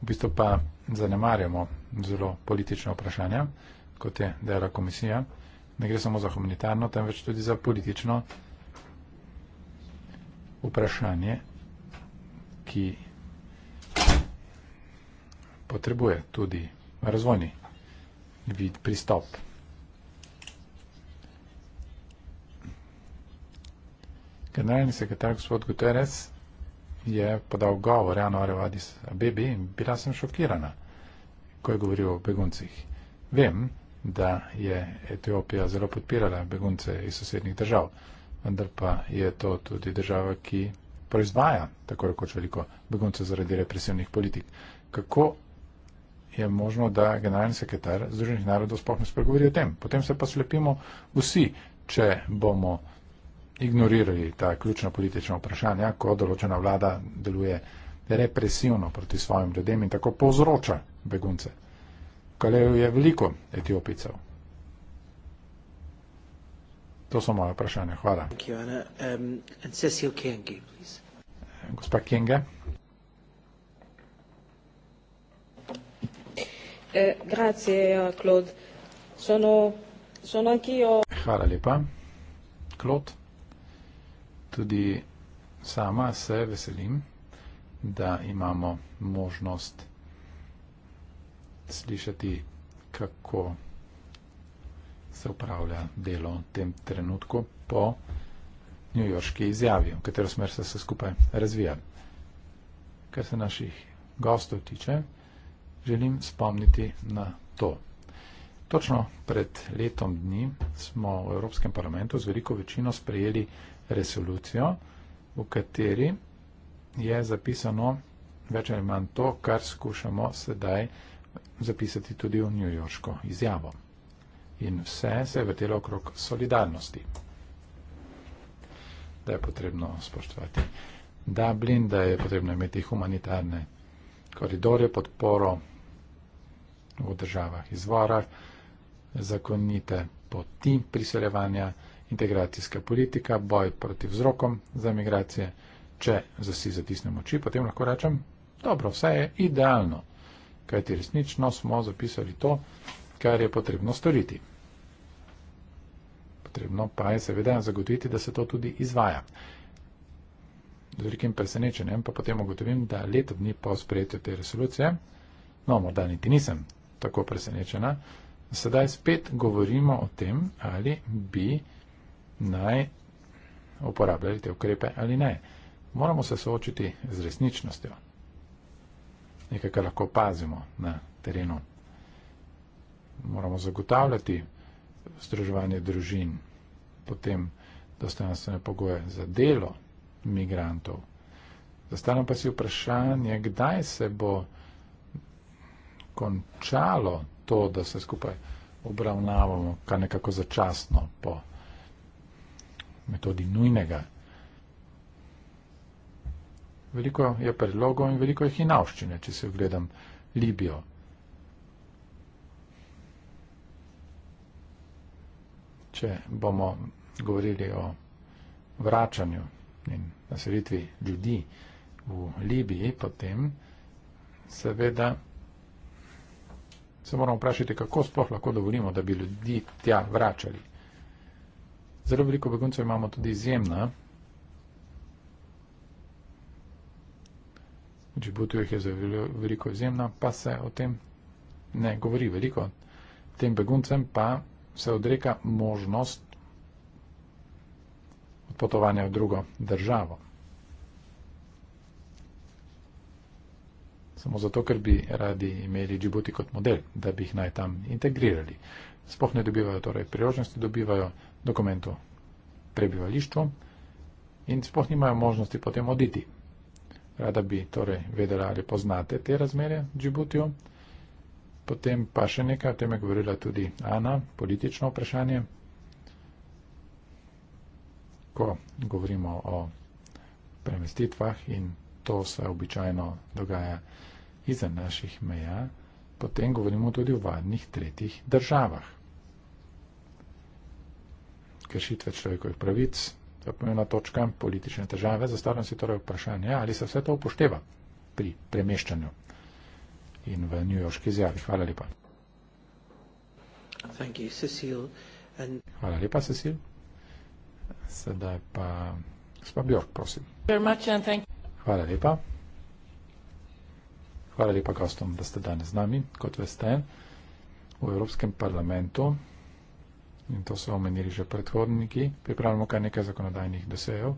V bistvu pa zanemarjamo zelo politična vprašanja, kot je dela komisija. Ne gre samo za humanitarno, temveč tudi za politično vprašanje, ki potrebuje tudi razvojni vid pristop. Generalni sekretar gospod Guterres je podal govor januarja v Adis Abebi in bila sem šokirana, ko je govoril o beguncih. Vem, da je Etiopija zelo podpirala begunce iz sosednjih držav, vendar pa je to tudi država, ki proizvaja tako rekoč veliko beguncev zaradi represivnih politik. Kako je možno, da generalni sekretar Združenih narodov sploh ne spregovori o tem? Potem se pa slepimo vsi, če bomo ignorirali ta ključna politična vprašanja, ko določena vlada deluje represivno proti svojim ljudem in tako povzroča begunce. V Kaleju je veliko etiopicev. To so moje vprašanje. Hvala. Um, Gospa Kenge. Eh, Hvala lepa. Klot tudi sama se veselim, da imamo možnost slišati, kako se upravlja delo v tem trenutku po njujorški izjavi, v katero smer se se skupaj razvija. Kar se naših gostov tiče, želim spomniti na to. Točno pred letom dni smo v Evropskem parlamentu z veliko večino sprejeli resolucijo, v kateri je zapisano več ali manj to, kar skušamo sedaj zapisati tudi v New Yorško izjavo. In vse se je vrtelo okrog solidarnosti. Da je potrebno spoštovati Dublin, da je potrebno imeti humanitarne koridore, podporo v državah izvora, zakonite poti priseljevanja integracijska politika, boj proti vzrokom za migracije. Če zasi zatisnemo oči, potem lahko rečem, dobro, vse je idealno, kajti resnično smo zapisali to, kar je potrebno storiti. Potrebno pa je seveda zagotoviti, da se to tudi izvaja. Z velikim presenečenjem pa potem ugotovim, da leto dni po sprejetju te resolucije, no morda niti nisem tako presenečena, sedaj spet govorimo o tem, ali bi naj uporabljali te ukrepe ali ne. Moramo se soočiti z resničnostjo. Nekaj, kar lahko pazimo na terenu. Moramo zagotavljati združevanje družin, potem dostojanstvene pogoje za delo migrantov. Zastavljam pa si vprašanje, kdaj se bo končalo to, da se skupaj obravnavamo, kar nekako začasno po metodi nujnega. Veliko je predlogov in veliko je hinavščine, če se ogledam Libijo. Če bomo govorili o vračanju in naselitvi ljudi v Libiji, potem seveda se moramo vprašati, kako sploh lahko dovolimo, da bi ljudi tja vračali. Zelo veliko beguncev imamo tudi izjemna. V Džibutu jih je zelo veliko izjemna, pa se o tem ne govori veliko. Tem beguncem pa se odreka možnost odpotovanja v drugo državo. Samo zato, ker bi radi imeli Džibuti kot model, da bi jih naj tam integrirali. Spoh ne dobivajo torej priložnosti, dobivajo dokumentu prebivališčo in sploh nimajo možnosti potem oditi. Rada bi torej vedela, ali poznate te razmere v Džibutiju. Potem pa še nekaj, o tem je govorila tudi Ana, politično vprašanje. Ko govorimo o premestitvah in to se običajno dogaja izven naših meja, potem govorimo tudi o vadnih tretjih državah kršitve človekovih pravic, to je pomembna točka, politične težave, zastavljam si torej vprašanje, ali se vse to upošteva pri premeščanju in v New Yorkski izjavi. Hvala lepa. Thank you, Cecil. And... Hvala lepa, Cecil. Sedaj pa gospa Bjork, prosim. Very much and thank Hvala lepa. Hvala lepa gostom, da ste danes z nami. Kot veste, v Evropskem parlamentu in to so omenili že predhodniki, pripravljamo kar nekaj zakonodajnih dosejev,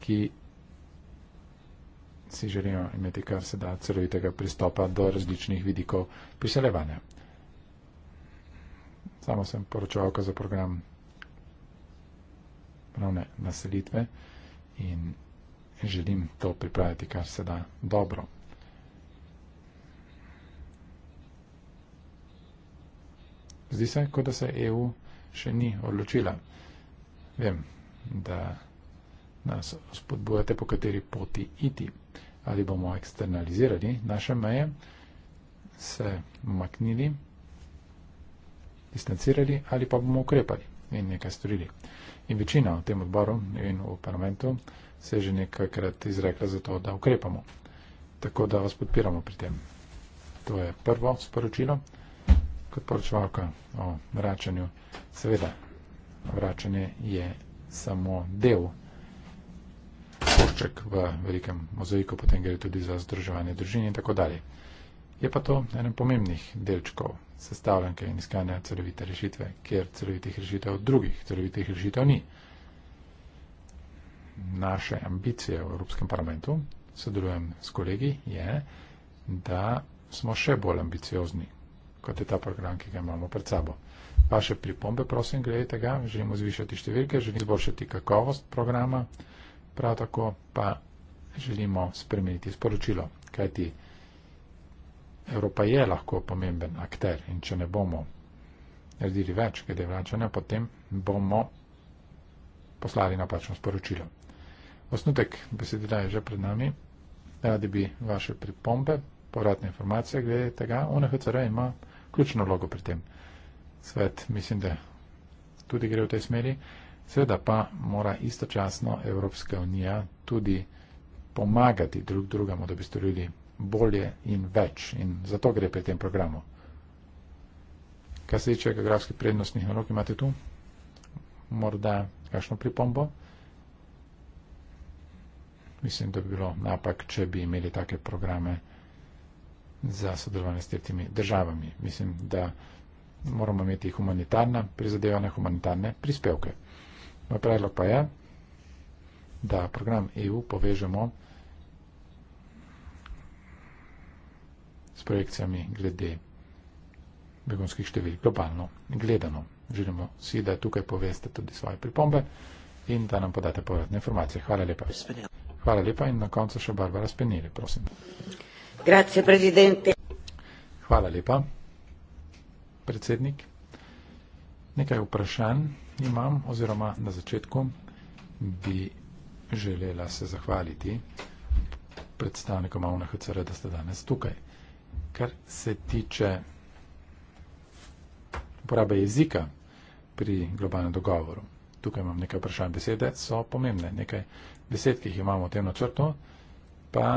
ki si želijo imeti kar se da celovitega pristopa do različnih vidikov priseljevanja. Samo sem poročevalka za program pravne naselitve in želim to pripraviti kar se da dobro. Zdi se, kot da se EU pripravlja še ni odločila. Vem, da nas spodbujate, po kateri poti iti. Ali bomo eksternalizirali naše meje, se umaknili, distancirali ali pa bomo ukrepali in nekaj storili. In večina v tem odboru in v parlamentu se je že nekajkrat izrekla za to, da ukrepamo. Tako da vas podpiramo pri tem. To je prvo sporočilo kot poročevalka o vračanju. Seveda, vračanje je samo del košček v velikem mozaiku, potem gre tudi za združevanje družine in tako dalje. Je pa to eden pomembnih delčkov sestavljanke in iskanja celovite rešitve, kjer celovitih rešitev od drugih celovitih rešitev ni. Naše ambicije v Evropskem parlamentu, sodelujem s kolegi, je, da smo še bolj ambiciozni kot je ta program, ki ga imamo pred sabo. Vaše pripombe, prosim, glede tega, želimo zvišati številke, želimo izboljšati kakovost programa, prav tako pa želimo spremeniti sporočilo, kajti Evropa je lahko pomemben akter in če ne bomo naredili več glede vračanja, potem bomo poslali napačno sporočilo. Osnutek besedila je že pred nami. Radi bi vaše pripombe, povratne informacije glede tega. UNHCR ima ključno vlogo pri tem. Svet mislim, da tudi gre v tej smeri. Seveda pa mora istočasno Evropska unija tudi pomagati drug drugemu, da bi storili bolje in več. In zato gre pri tem programu. Kar se tiče geografskih prednostnih nalog, imate tu morda kakšno pripombo? Mislim, da bi bilo napak, če bi imeli take programe za sodelovanje s tretjimi državami. Mislim, da moramo imeti humanitarna prizadevanja, humanitarne prispevke. Moj predlog pa je, da program EU povežemo s projekcijami glede begunskih števil globalno gledano. Želimo si, da tukaj poveste tudi svoje pripombe in da nam podate povratne informacije. Hvala lepa. Hvala lepa in na koncu še Barbara Spenili, prosim. Grazie, predsednik. Hvala lepa, predsednik. Nekaj vprašanj imam, oziroma na začetku bi želela se zahvaliti predstavnikom UNHCR, da ste danes tukaj. Kar se tiče uporabe jezika pri globalnem dogovoru, tukaj imam nekaj vprašanj. Besede so pomembne, nekaj besed, ki jih imamo v tem načrtu, pa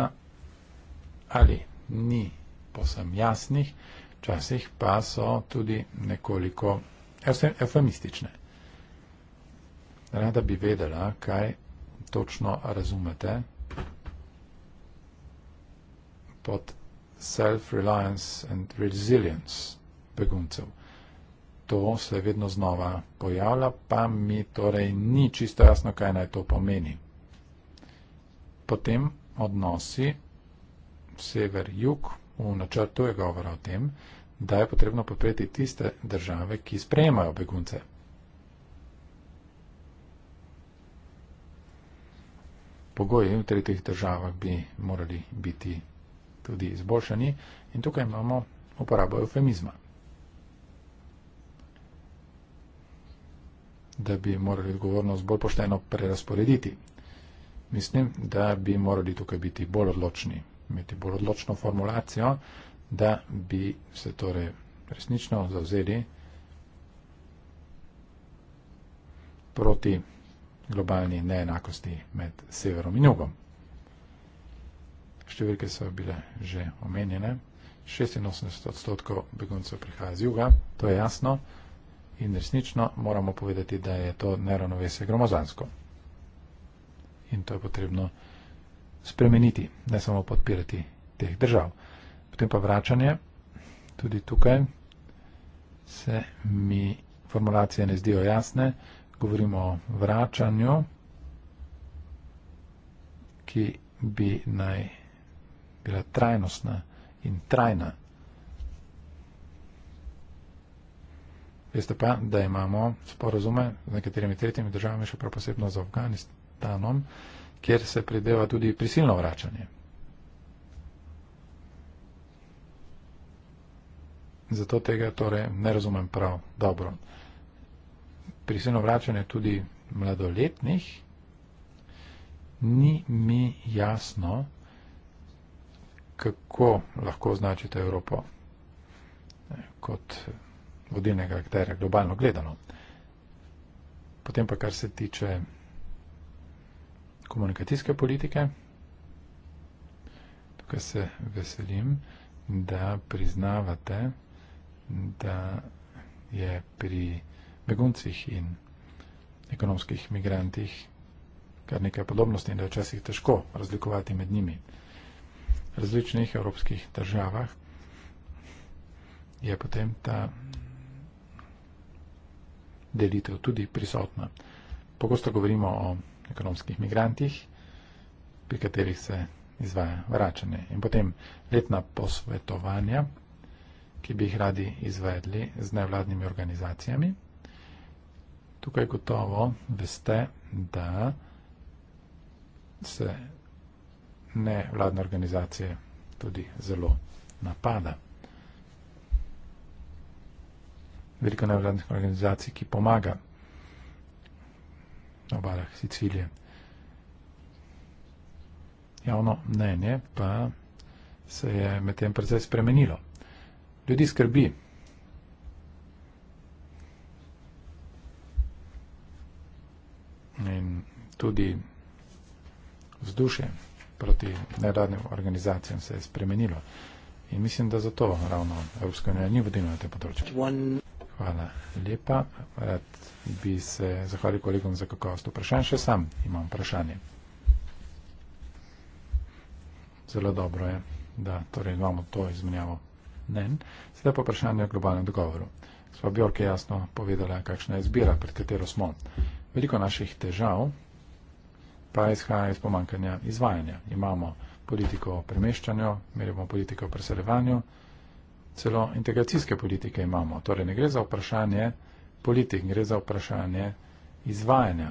ali ni posem jasnih, včasih pa so tudi nekoliko eufemistične. Rada bi vedela, kaj točno razumete pod self-reliance and resilience beguncev. To se vedno znova pojavlja, pa mi torej ni čisto jasno, kaj naj to pomeni. Potem odnosi sever-jug, v načrtu je govora o tem, da je potrebno podpreti tiste države, ki sprejemajo begunce. Pogoji v tretjih državah bi morali biti tudi izboljšani in tukaj imamo uporabo eufemizma. da bi morali odgovornost bolj pošteno prerasporediti. Mislim, da bi morali tukaj biti bolj odločni imeti bolj odločno formulacijo, da bi se torej resnično zavzeli proti globalni neenakosti med severom in jugom. Številke so bile že omenjene. 86 odstotkov beguncev prihaja z juga, to je jasno in resnično moramo povedati, da je to neravnovesje gromozansko. In to je potrebno povedati spremeniti, ne samo podpirati teh držav. Potem pa vračanje, tudi tukaj se mi formulacije ne zdijo jasne, govorimo o vračanju, ki bi naj bila trajnostna in trajna. Veste pa, da imamo sporozume z nekaterimi tretjimi državami, še prav posebno z Afganistanom, kjer se prideva tudi prisilno vračanje. Zato tega torej ne razumem prav dobro. Prisilno vračanje tudi mladoletnih ni mi jasno, kako lahko označite Evropo kot vodilnega akterja globalno gledano. Potem pa kar se tiče komunikacijske politike. Tukaj se veselim, da priznavate, da je pri beguncih in ekonomskih migrantih kar nekaj podobnosti in da je včasih težko razlikovati med njimi. V različnih evropskih državah je potem ta delitev tudi prisotna. Pogosto govorimo o ekonomskih migrantih, pri katerih se izvaja vračanje. In potem letna posvetovanja, ki bi jih radi izvedli z nevladnimi organizacijami. Tukaj gotovo veste, da se nevladne organizacije tudi zelo napada. Veliko nevladnih organizacij, ki pomaga obalah Sicilije. Javno mnenje pa se je medtem precej spremenilo. Ljudi skrbi. In tudi vzdušje proti nevladnim organizacijam se je spremenilo. In mislim, da zato ravno Evropska unija ni vodila na tem področju. Hvala lepa. Rad bi se zahvalil kolegom za kakovost vprašanj. Še sam imam vprašanje. Zelo dobro je, da torej imamo to izmenjavo mnen. Sedaj pa vprašanje o globalnem dogovoru. Sva Bjork je jasno povedala, kakšna je zbira, pred katero smo. Veliko naših težav pa izhaja iz pomankanja izvajanja. Imamo politiko o premeščanju, imamo politiko o preseljevanju, celo integracijske politike imamo. Torej ne gre za vprašanje politik, gre za vprašanje izvajanja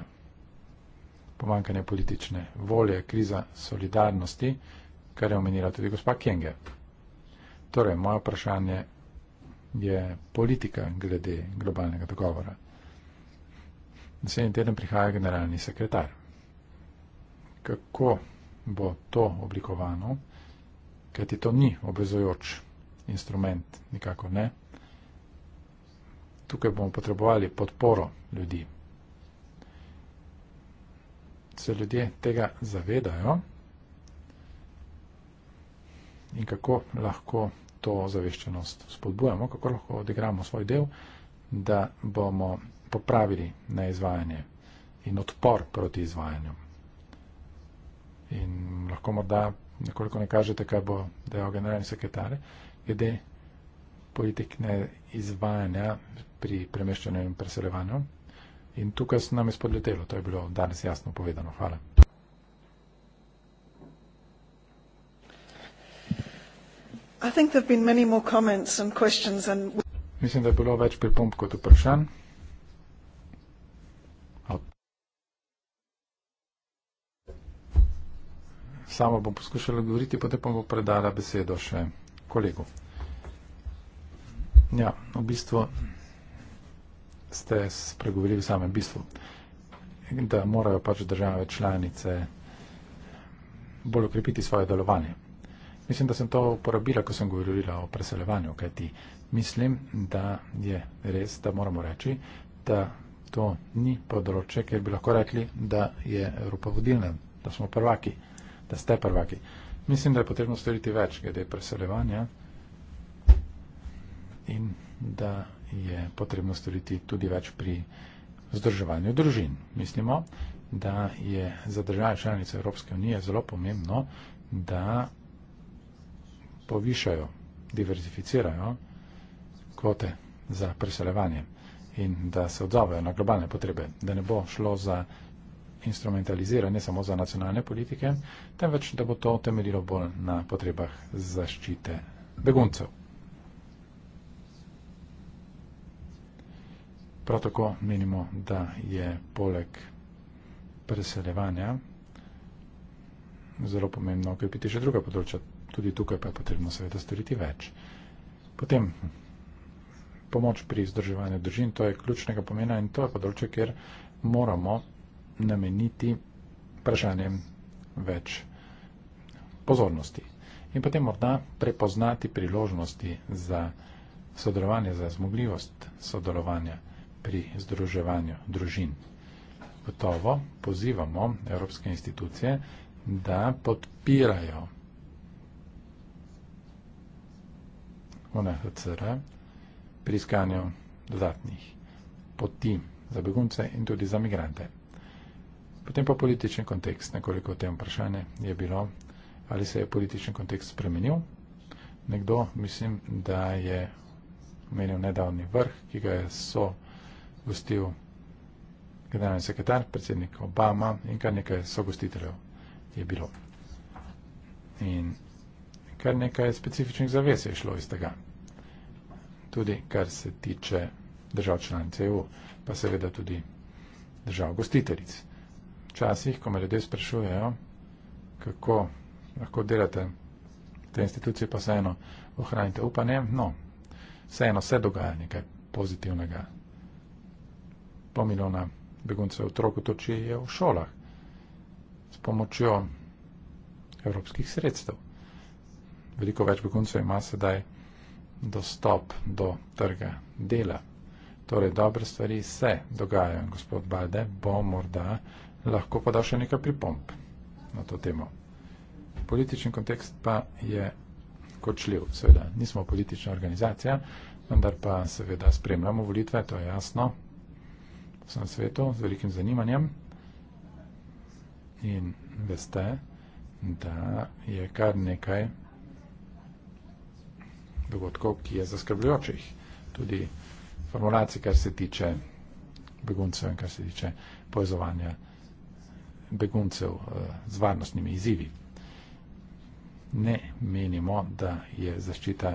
pomankanja politične volje, kriza solidarnosti, kar je omenila tudi gospa Kenge. Torej, moje vprašanje je politika glede globalnega dogovora. Naslednji teden prihaja generalni sekretar. Kako bo to oblikovano, kajti to ni obvezojoč instrument, nikako ne. Tukaj bomo potrebovali podporo ljudi. Se ljudje tega zavedajo in kako lahko to zaveščenost spodbujamo, kako lahko odigramo svoj del, da bomo popravili na izvajanje in odpor proti izvajanju. In lahko morda nekoliko ne kažete, kaj bo dejal generalni sekretar, glede politične izvajanja pri premeščanju in preseljevanju. In tukaj se nam je spodletelo, to je bilo danes jasno povedano. Hvala. I think there have been many more comments and questions and Mislim, da je bilo več pripomb kot vprašanj. Sama bom poskušala govoriti, potem pa bom predala besedo še kolegu. Ja, v bistvu ste spregovorili v samem bistvu, da morajo pač države članice bolj ukrepiti svoje delovanje. Mislim, da sem to uporabila, ko sem govorila o preseljevanju, kajti mislim, da je res, da moramo reči, da to ni področje, kjer bi lahko rekli, da je Evropa vodilna, da smo prvaki, da ste prvaki. Mislim, da je potrebno storiti več glede preseljevanja in da je potrebno storiti tudi več pri vzdrževanju družin. Mislimo, da je za države članice Evropske unije zelo pomembno, da povišajo, diverzificirajo kvote za preseljevanje in da se odzovejo na globalne potrebe, da ne bo šlo za instrumentaliziranje samo za nacionalne politike, temveč da bo to temeljilo bolj na potrebah zaščite beguncev. Prav tako menimo, da je poleg preseljevanja zelo pomembno okrepiti še druga področja. Tudi tukaj pa je potrebno seveda storiti več. Potem pomoč pri izdrževanju držin, to je ključnega pomena in to je področje, kjer moramo nameniti vprašanjem več pozornosti. In potem morda prepoznati priložnosti za sodelovanje, za zmogljivost sodelovanja pri združevanju družin. Gotovo pozivamo evropske institucije, da podpirajo UNHCR pri iskanju dodatnih poti za begunce in tudi za migrante. Potem pa politični kontekst, nekoliko o tem vprašanje je bilo, ali se je politični kontekst spremenil. Nekdo, mislim, da je omenil nedavni vrh, ki ga je so gostil generalni sekretar, predsednik Obama in kar nekaj sogostiteljev je bilo. In kar nekaj specifičnih zavez je šlo iz tega. Tudi kar se tiče držav članice EU, pa seveda tudi držav gostiteljic. Včasih, ko me ljudje sprašujejo, kako lahko delate te institucije, pa vseeno ohranite upanje, no, vseeno se dogaja nekaj pozitivnega pol milijona beguncev otrok v Turčiji je v šolah s pomočjo evropskih sredstev. Veliko več beguncev ima sedaj dostop do trga dela. Torej, dobre stvari se dogajajo. Gospod Bade bo morda lahko podal še nekaj pripomp na to temo. Politični kontekst pa je kočljiv. Seveda, nismo politična organizacija, vendar pa seveda spremljamo volitve, to je jasno, vsem svetu z velikim zanimanjem. In veste, da je kar nekaj dogodkov, ki je zaskrbljujočih. Tudi formulacij, kar se tiče beguncev in kar se tiče povezovanja beguncev eh, z varnostnimi izzivi. Ne menimo, da je zaščita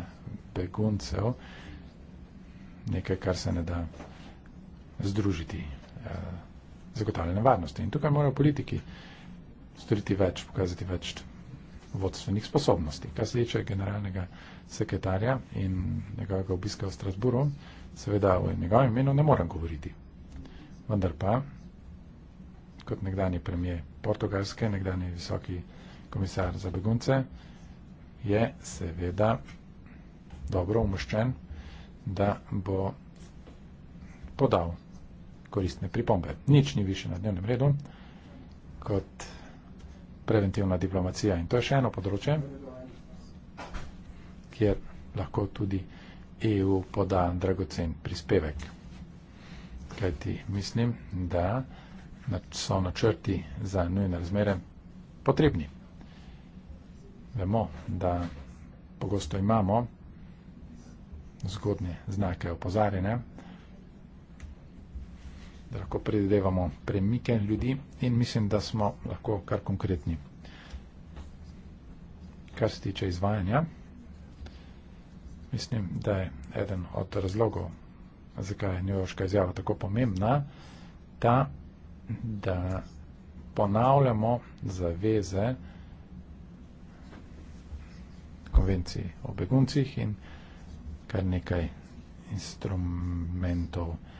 beguncev nekaj, kar se ne da združiti, eh, zagotavljanje varnosti. In tukaj morajo politiki storiti več, pokazati več vodstvenih sposobnosti. Kar se tiče generalnega sekretarja in njegovega obiska v Strasburu, seveda v njegovem imenu ne morem govoriti. Vendar pa, kot nekdani premije Portugalske, nekdani visoki komisar za begunce, je seveda dobro umoščen, da bo podal koristne pripombe. Nič ni više na dnevnem redu kot preventivna diplomacija. In to je še eno področje, kjer lahko tudi EU poda dragocen prispevek. Kajti mislim, da so načrti za nujne razmere potrebni. Vemo, da pogosto imamo zgodne znake opozarjene da lahko predvidevamo premike ljudi in mislim, da smo lahko kar konkretni. Kar se tiče izvajanja, mislim, da je eden od razlogov, zakaj je njojoška izjava tako pomembna, ta, da ponavljamo zaveze konvenciji o beguncih in kar nekaj instrumentov izvajanja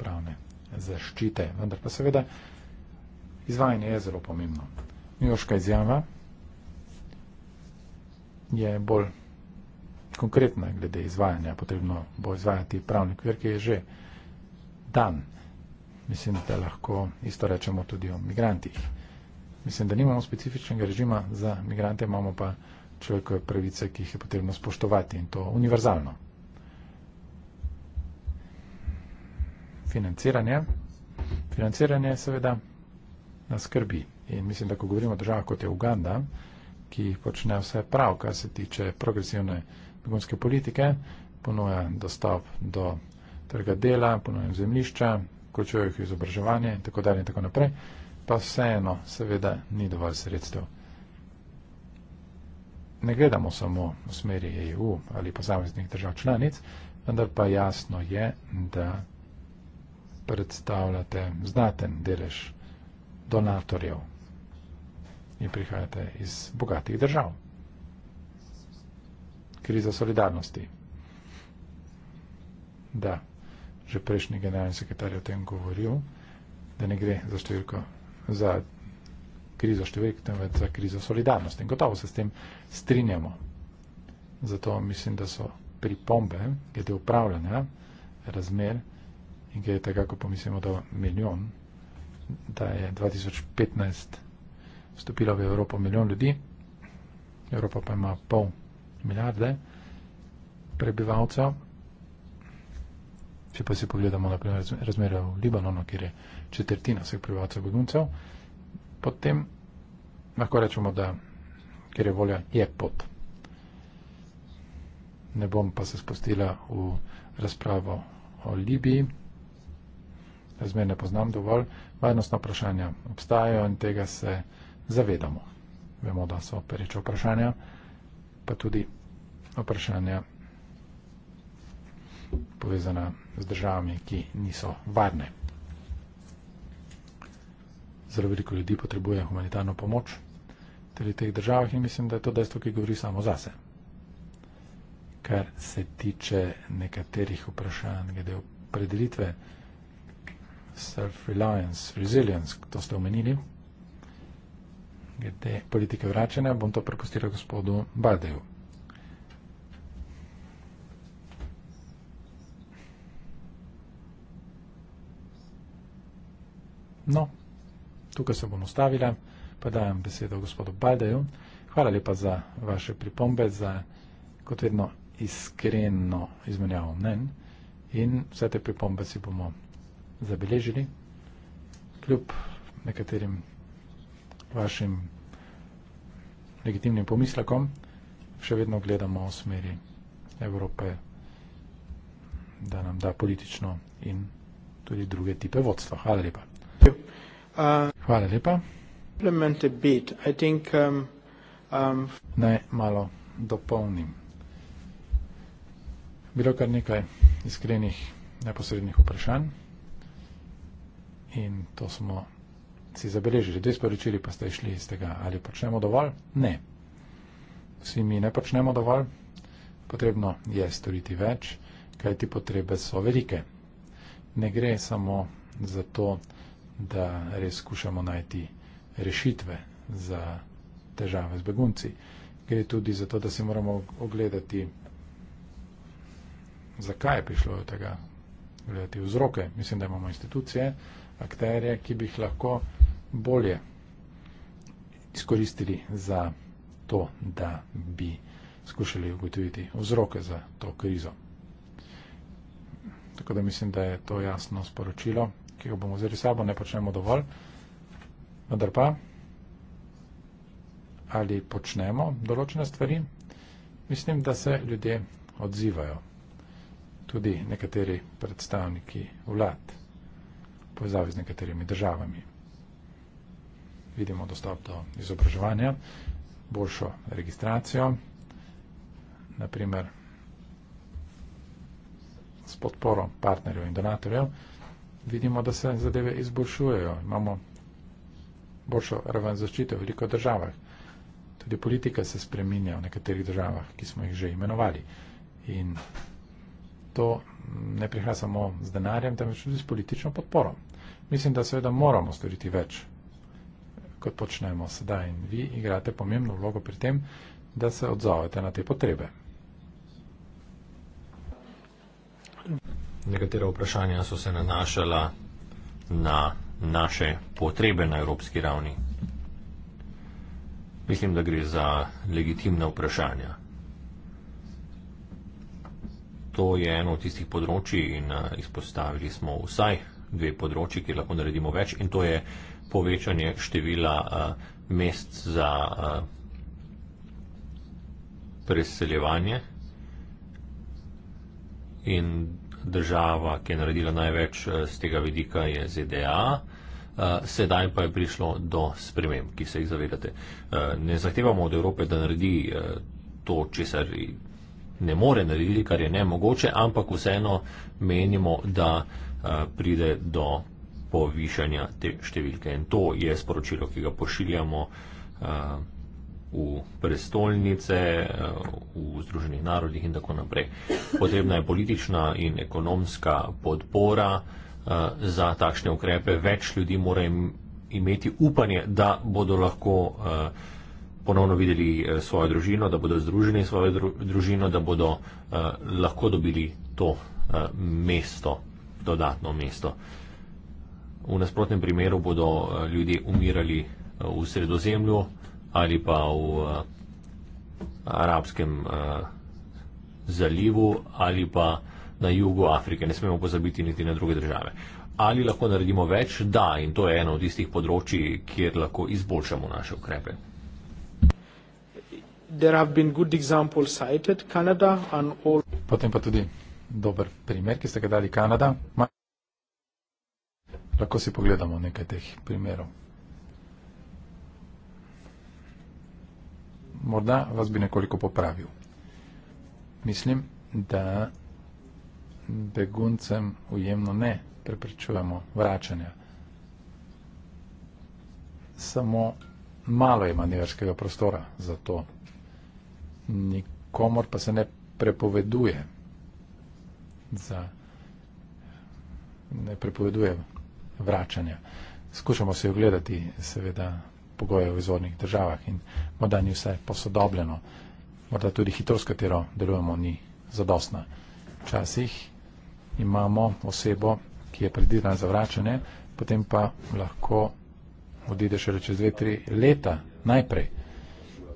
pravne zaščite. Vendar pa seveda izvajanje je zelo pomembno. Njuška izjava je bolj konkretna glede izvajanja. Potrebno bo izvajati pravni kvir, ki je že dan. Mislim, da lahko isto rečemo tudi o migrantih. Mislim, da nimamo specifičnega režima za migrante, imamo pa človekove pravice, ki jih je potrebno spoštovati in to univerzalno. financiranja, financiranje seveda nas skrbi. In mislim, da ko govorimo o državah kot je Uganda, ki počne vse prav, kar se tiče progresivne begunske politike, ponuja dostop do trga dela, ponuja zemlišča, vključuje jih izobraževanje in tako dalje in tako naprej, pa vseeno seveda ni dovolj sredstev. Ne gledamo samo v smeri EU ali posameznih držav članic, vendar pa jasno je, da predstavljate znaten delež donatorjev in prihajate iz bogatih držav. Kriza solidarnosti. Da, že prejšnji generalni sekretar je o tem govoril, da ne gre za številko, za krizo številke, temveč za krizo solidarnosti. In gotovo se s tem strinjamo. Zato mislim, da so pripombe glede upravljanja razmer, in ki je takako pomislimo, da milijon, da je 2015 vstopilo v Evropo milijon ljudi, Evropa pa ima pol milijarde prebivalcev. Če pa si pogledamo na primer razmerje v Libanonu, kjer je četrtina vseh prebivalcev beguncev, potem lahko rečemo, da kjer je volja, je pot. Ne bom pa se spustila v razpravo o Libiji razmer ne poznam dovolj, varnostna vprašanja obstajajo in tega se zavedamo. Vemo, da so pereče vprašanja, pa tudi vprašanja povezana z državami, ki niso varne. Zelo veliko ljudi potrebuje humanitarno pomoč tudi v teh državah in mislim, da je to dejstvo, ki govori samo zase. Kar se tiče nekaterih vprašanj glede opredelitve, self-reliance, resilience, to ste omenili, glede politike vračanja, bom to prepustila gospodu Badeju. No, tukaj se bom ustavila, pa dajem besedo gospodu Baldeju. Hvala lepa za vaše pripombe, za kot vedno iskreno izmenjavo mnen in vse te pripombe si bomo zabeležili, kljub nekaterim vašim legitimnim pomislekom, še vedno gledamo v smeri Evrope, da nam da politično in tudi druge tipe vodstva. Hvala lepa. Hvala lepa. Um, um, Naj malo dopolnim. Bilo kar nekaj iskrenih neposrednih vprašanj in to smo si zabeležili. Dve sporočili pa ste išli iz tega, ali počnemo dovolj? Ne. Vsi mi ne počnemo dovolj, potrebno je storiti več, kaj ti potrebe so velike. Ne gre samo za to, da res skušamo najti rešitve za težave z begunci. Gre tudi za to, da si moramo ogledati, zakaj je prišlo do tega, gledati vzroke. Mislim, da imamo institucije, akterje, ki bi jih lahko bolje izkoristili za to, da bi skušali ugotoviti vzroke za to krizo. Tako da mislim, da je to jasno sporočilo, ki ga bomo vzeli sabo, ne počnemo dovolj. Vendar pa, ali počnemo določene stvari, mislim, da se ljudje odzivajo. Tudi nekateri predstavniki vlad povezavi z nekaterimi državami. Vidimo dostop do izobraževanja, boljšo registracijo, naprimer s podporo partnerjev in donatorjev, vidimo, da se zadeve izboljšujejo. Imamo boljšo raven zaščite v veliko državah. Tudi politika se spreminja v nekaterih državah, ki smo jih že imenovali. In to ne prihaja samo z denarjem, temveč tudi s politično podporo. Mislim, da seveda moramo storiti več, kot počnemo sedaj in vi igrate pomembno vlogo pri tem, da se odzovete na te potrebe. Nekatera vprašanja so se nanašala na naše potrebe na evropski ravni. Mislim, da gre za legitimna vprašanja. To je eno od tistih področji in eh, izpostavili smo vsaj dve področji, kjer lahko naredimo več in to je povečanje števila uh, mest za uh, preseljevanje in država, ki je naredila največ uh, eh, z tega vidika, je ZDA. Sedaj pa je prišlo do sprememb, ki se jih zavedate. Ne zahtevamo od Evrope, da naredi to, česar ne more narediti, kar je ne mogoče, ampak vseeno menimo, da Eh, pride do povišanja te številke. In to je sporočilo, ki ga pošiljamo eh, v prestolnice, eh, v Združenih narodih in tako naprej. Potrebna je politična in ekonomska podpora za takšne ukrepe. Več ljudi mora imeti upanje, da bodo lahko ponovno videli svojo družino, da bodo združeni svojo družino, da bodo lahko dobili to mesto dodatno mesto. V nasprotnem primeru bodo eh, ljudje umirali eh, v sredozemlju ali pa v eh, Arabskem zalivu ali pa na jugu Afrike. Ne smemo pozabiti niti na druge države. Ali lahko naredimo več? Da, in to je eno od tistih področji, kjer lahko izboljšamo naše ukrepe. Potem pa tudi dober primer, ki ste ga dali Kanada. Lahko si pogledamo nekaj teh primerov. Morda vas bi nekoliko popravil. Mislim, da beguncem ujemno ne preprečujemo vračanja. Samo malo je manevrskega prostora za to. Nikomor pa se ne prepoveduje za ne prepoveduje vračanja. Skušamo se ogledati, seveda, pogoje v izvornih državah in morda ni vse posodobljeno, morda tudi hitrost, katero delujemo, ni zadostna. Včasih imamo osebo, ki je predvidena za vračanje, potem pa lahko odide šele čez dve, tri leta najprej.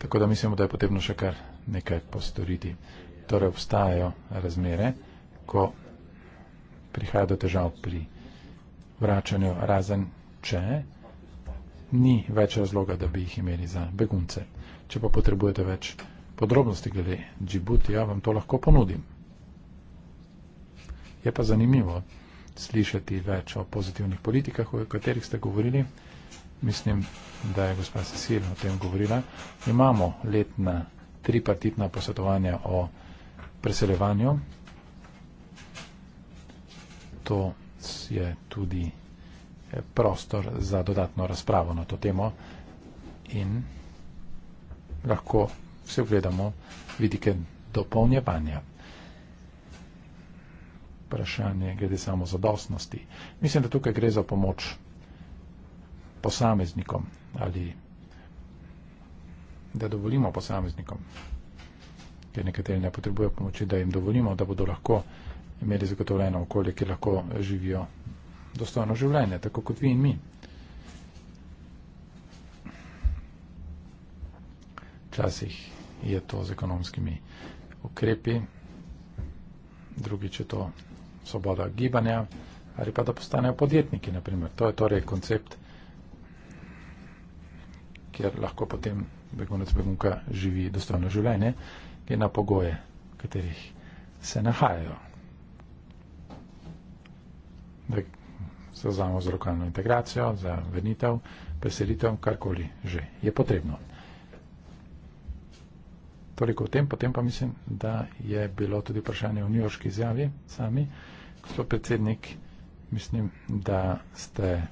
Tako da mislimo, da je potrebno še kar nekaj postoriti. Torej obstajajo razmere ko prihaja do težav pri vračanju, razen če ni več razloga, da bi jih imeli za begunce. Če pa potrebujete več podrobnosti glede Džibuti, ja vam to lahko ponudim. Je pa zanimivo slišati več o pozitivnih politikah, o katerih ste govorili. Mislim, da je gospa Cecil o tem govorila. Imamo letna tripartitna posvetovanja o preseljevanju zato je tudi eh, prostor za dodatno razpravo na to temo in lahko vse gledamo vidike dopolnjevanja. Vprašanje glede samo zadostnosti. Mislim, da tukaj gre za pomoč posameznikom ali da dovolimo posameznikom, ker nekateri ne potrebujejo pomoči, da jim dovolimo, da bodo lahko imeli zagotovljeno okolje, kjer lahko živijo dostojno življenje, tako kot vi in mi. Včasih je to z ekonomskimi ukrepi, drugič je to svoboda gibanja ali pa da postanejo podjetniki, naprimer. To je torej koncept, kjer lahko potem begunec begunka živi dostojno življenje, je na pogoje, v katerih se nahajajo da se vzamemo z lokalno integracijo, za vrnitev, preselitev, karkoli že je potrebno. Toliko o tem, potem pa mislim, da je bilo tudi vprašanje o njihovi izjavi sami. Gospod predsednik, mislim, da ste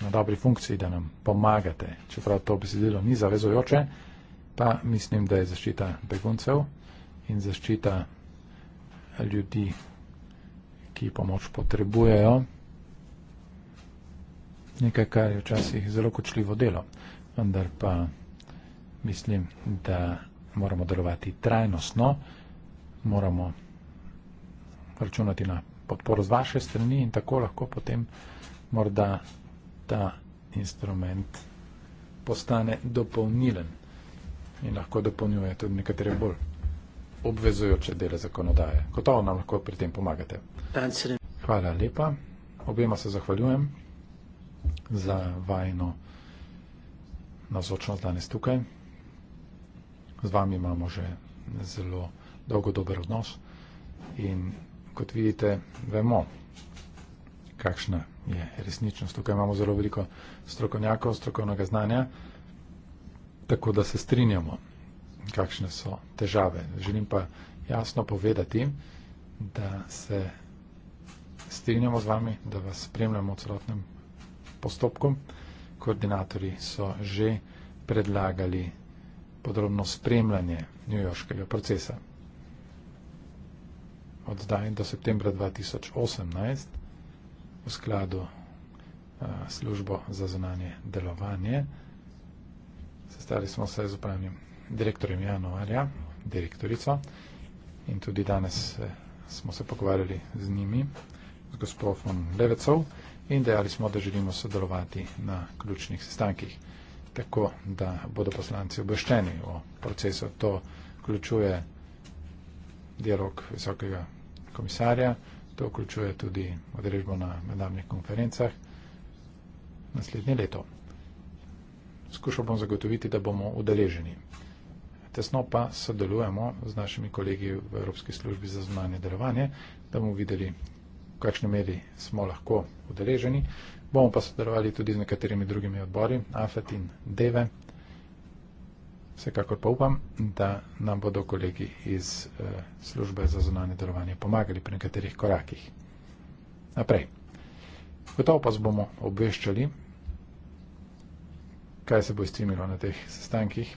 na dobri funkciji, da nam pomagate, čeprav to besedilo ni zavezojoče, pa mislim, da je zaščita beguncev in zaščita ljudi ki pomoč potrebujejo. Nekaj, kar je včasih zelo kočljivo delo, vendar pa mislim, da moramo delovati trajnostno, moramo računati na podporo z vaše strani in tako lahko potem morda ta instrument postane dopolnilen in lahko dopolnjuje tudi nekatere bolj obvezujoče dele zakonodaje. Gotovo nam lahko pri tem pomagate. Hvala lepa. Obema se zahvaljujem za vajno nazočnost danes tukaj. Z vami imamo že zelo dolgo dober odnos in kot vidite, vemo, kakšna je resničnost. Tukaj imamo zelo veliko strokovnjakov, strokovnega znanja, tako da se strinjamo, kakšne so težave. Želim pa jasno povedati, da se strinjamo z vami, da vas spremljamo v celotnem postopku. Koordinatori so že predlagali podrobno spremljanje njujoškega procesa. Od zdaj do septembra 2018 v skladu službo za zunanje delovanje. Sestali smo se z upravnim direktorjem Januarja, direktorico in tudi danes smo se pogovarjali z njimi z gospodom Levecov in dejali smo, da želimo sodelovati na ključnih sestankih, tako da bodo poslanci obveščeni o procesu. To vključuje dialog visokega komisarja, to vključuje tudi odrežbo na mednarodnih konferencah naslednje leto. Skušal bom zagotoviti, da bomo udeleženi. Tesno pa sodelujemo z našimi kolegi v Evropski službi za zunanje delovanje, da bomo videli, kakšni meri smo lahko udeleženi. Bomo pa sodelovali tudi z nekaterimi drugimi odbori, AFET in DEVE. Vsekakor pa upam, da nam bodo kolegi iz eh, službe za zunanje delovanje pomagali pri nekaterih korakih. Naprej. Gotovo pa bomo obveščali, kaj se bo iztrimilo na teh sestankih,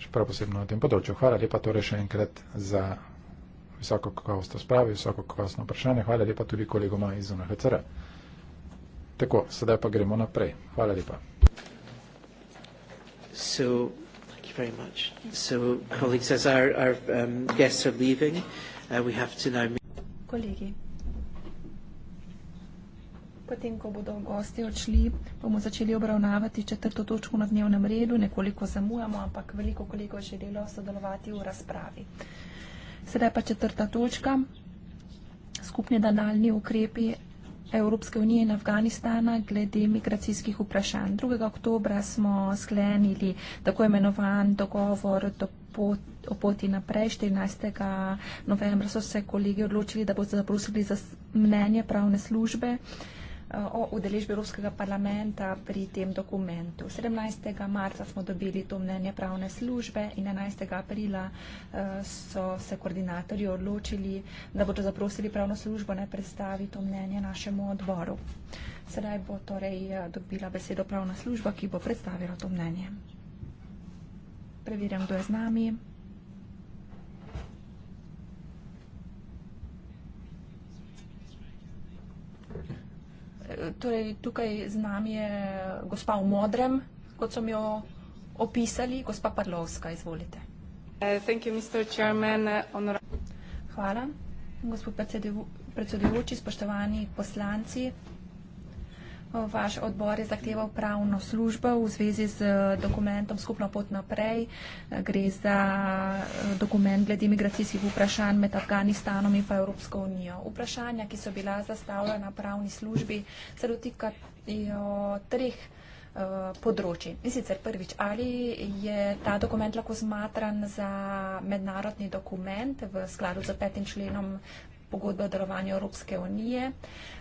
še prav posebno na tem področju. Hvala lepa torej še enkrat za visoko kakovost razprave, visoko kakovost na vprašanje. Hvala lepa tudi kolegoma iz UNHCR. Tako, sedaj pa gremo naprej. Hvala lepa. So, thank you very much. So, colleagues, as our, our um, guests are leaving, uh, we have to now meet. Kolegi, potem, ko bodo gosti odšli, bomo začeli obravnavati četrto točko na dnevnem redu. Nekoliko zamujamo, ampak veliko kolegov je želelo sodelovati v razpravi. Sedaj pa četrta točka. Skupni nadaljni ukrepi Evropske unije in Afganistana glede migracijskih vprašanj. 2. oktobra smo sklenili tako imenovan dogovor do pot, o poti naprej. 14. novembra so se kolegi odločili, da bodo zaprosili za mnenje pravne službe. Uh, Eh, o udeležbi Evropskega parlamenta pri tem dokumentu. 17. marca smo dobili to mnenje pravne službe in 11. aprila eh, so se koordinatorji odločili, da bodo zaprosili pravno službo naj predstavi to mnenje našemu odboru. Sedaj bo torej eh, dobila besedo pravna služba, ki bo predstavila to mnenje. Preverjam, kdo je z nami. Yeah torej, tukaj z nami je gospa v modrem, kot so mi jo opisali, gospa Parlovska, izvolite. Uh, uh, Hvala, gospod predsedujoči, spoštovani poslanci. Vaš odbor je zahteval pravno službo v zvezi z eh, dokumentom Skupno pot naprej. Eh, gre za eh, dokument glede migracijskih vprašanj med Afganistanom in pa Evropsko unijo. Vprašanja, ki so bila zastavljena pravni službi, se dotikajo treh področji. In sicer prvič, ali je ta dokument lahko zmatran za mednarodni dokument v skladu z petim členom pogodbe o darovanju Evropske unije,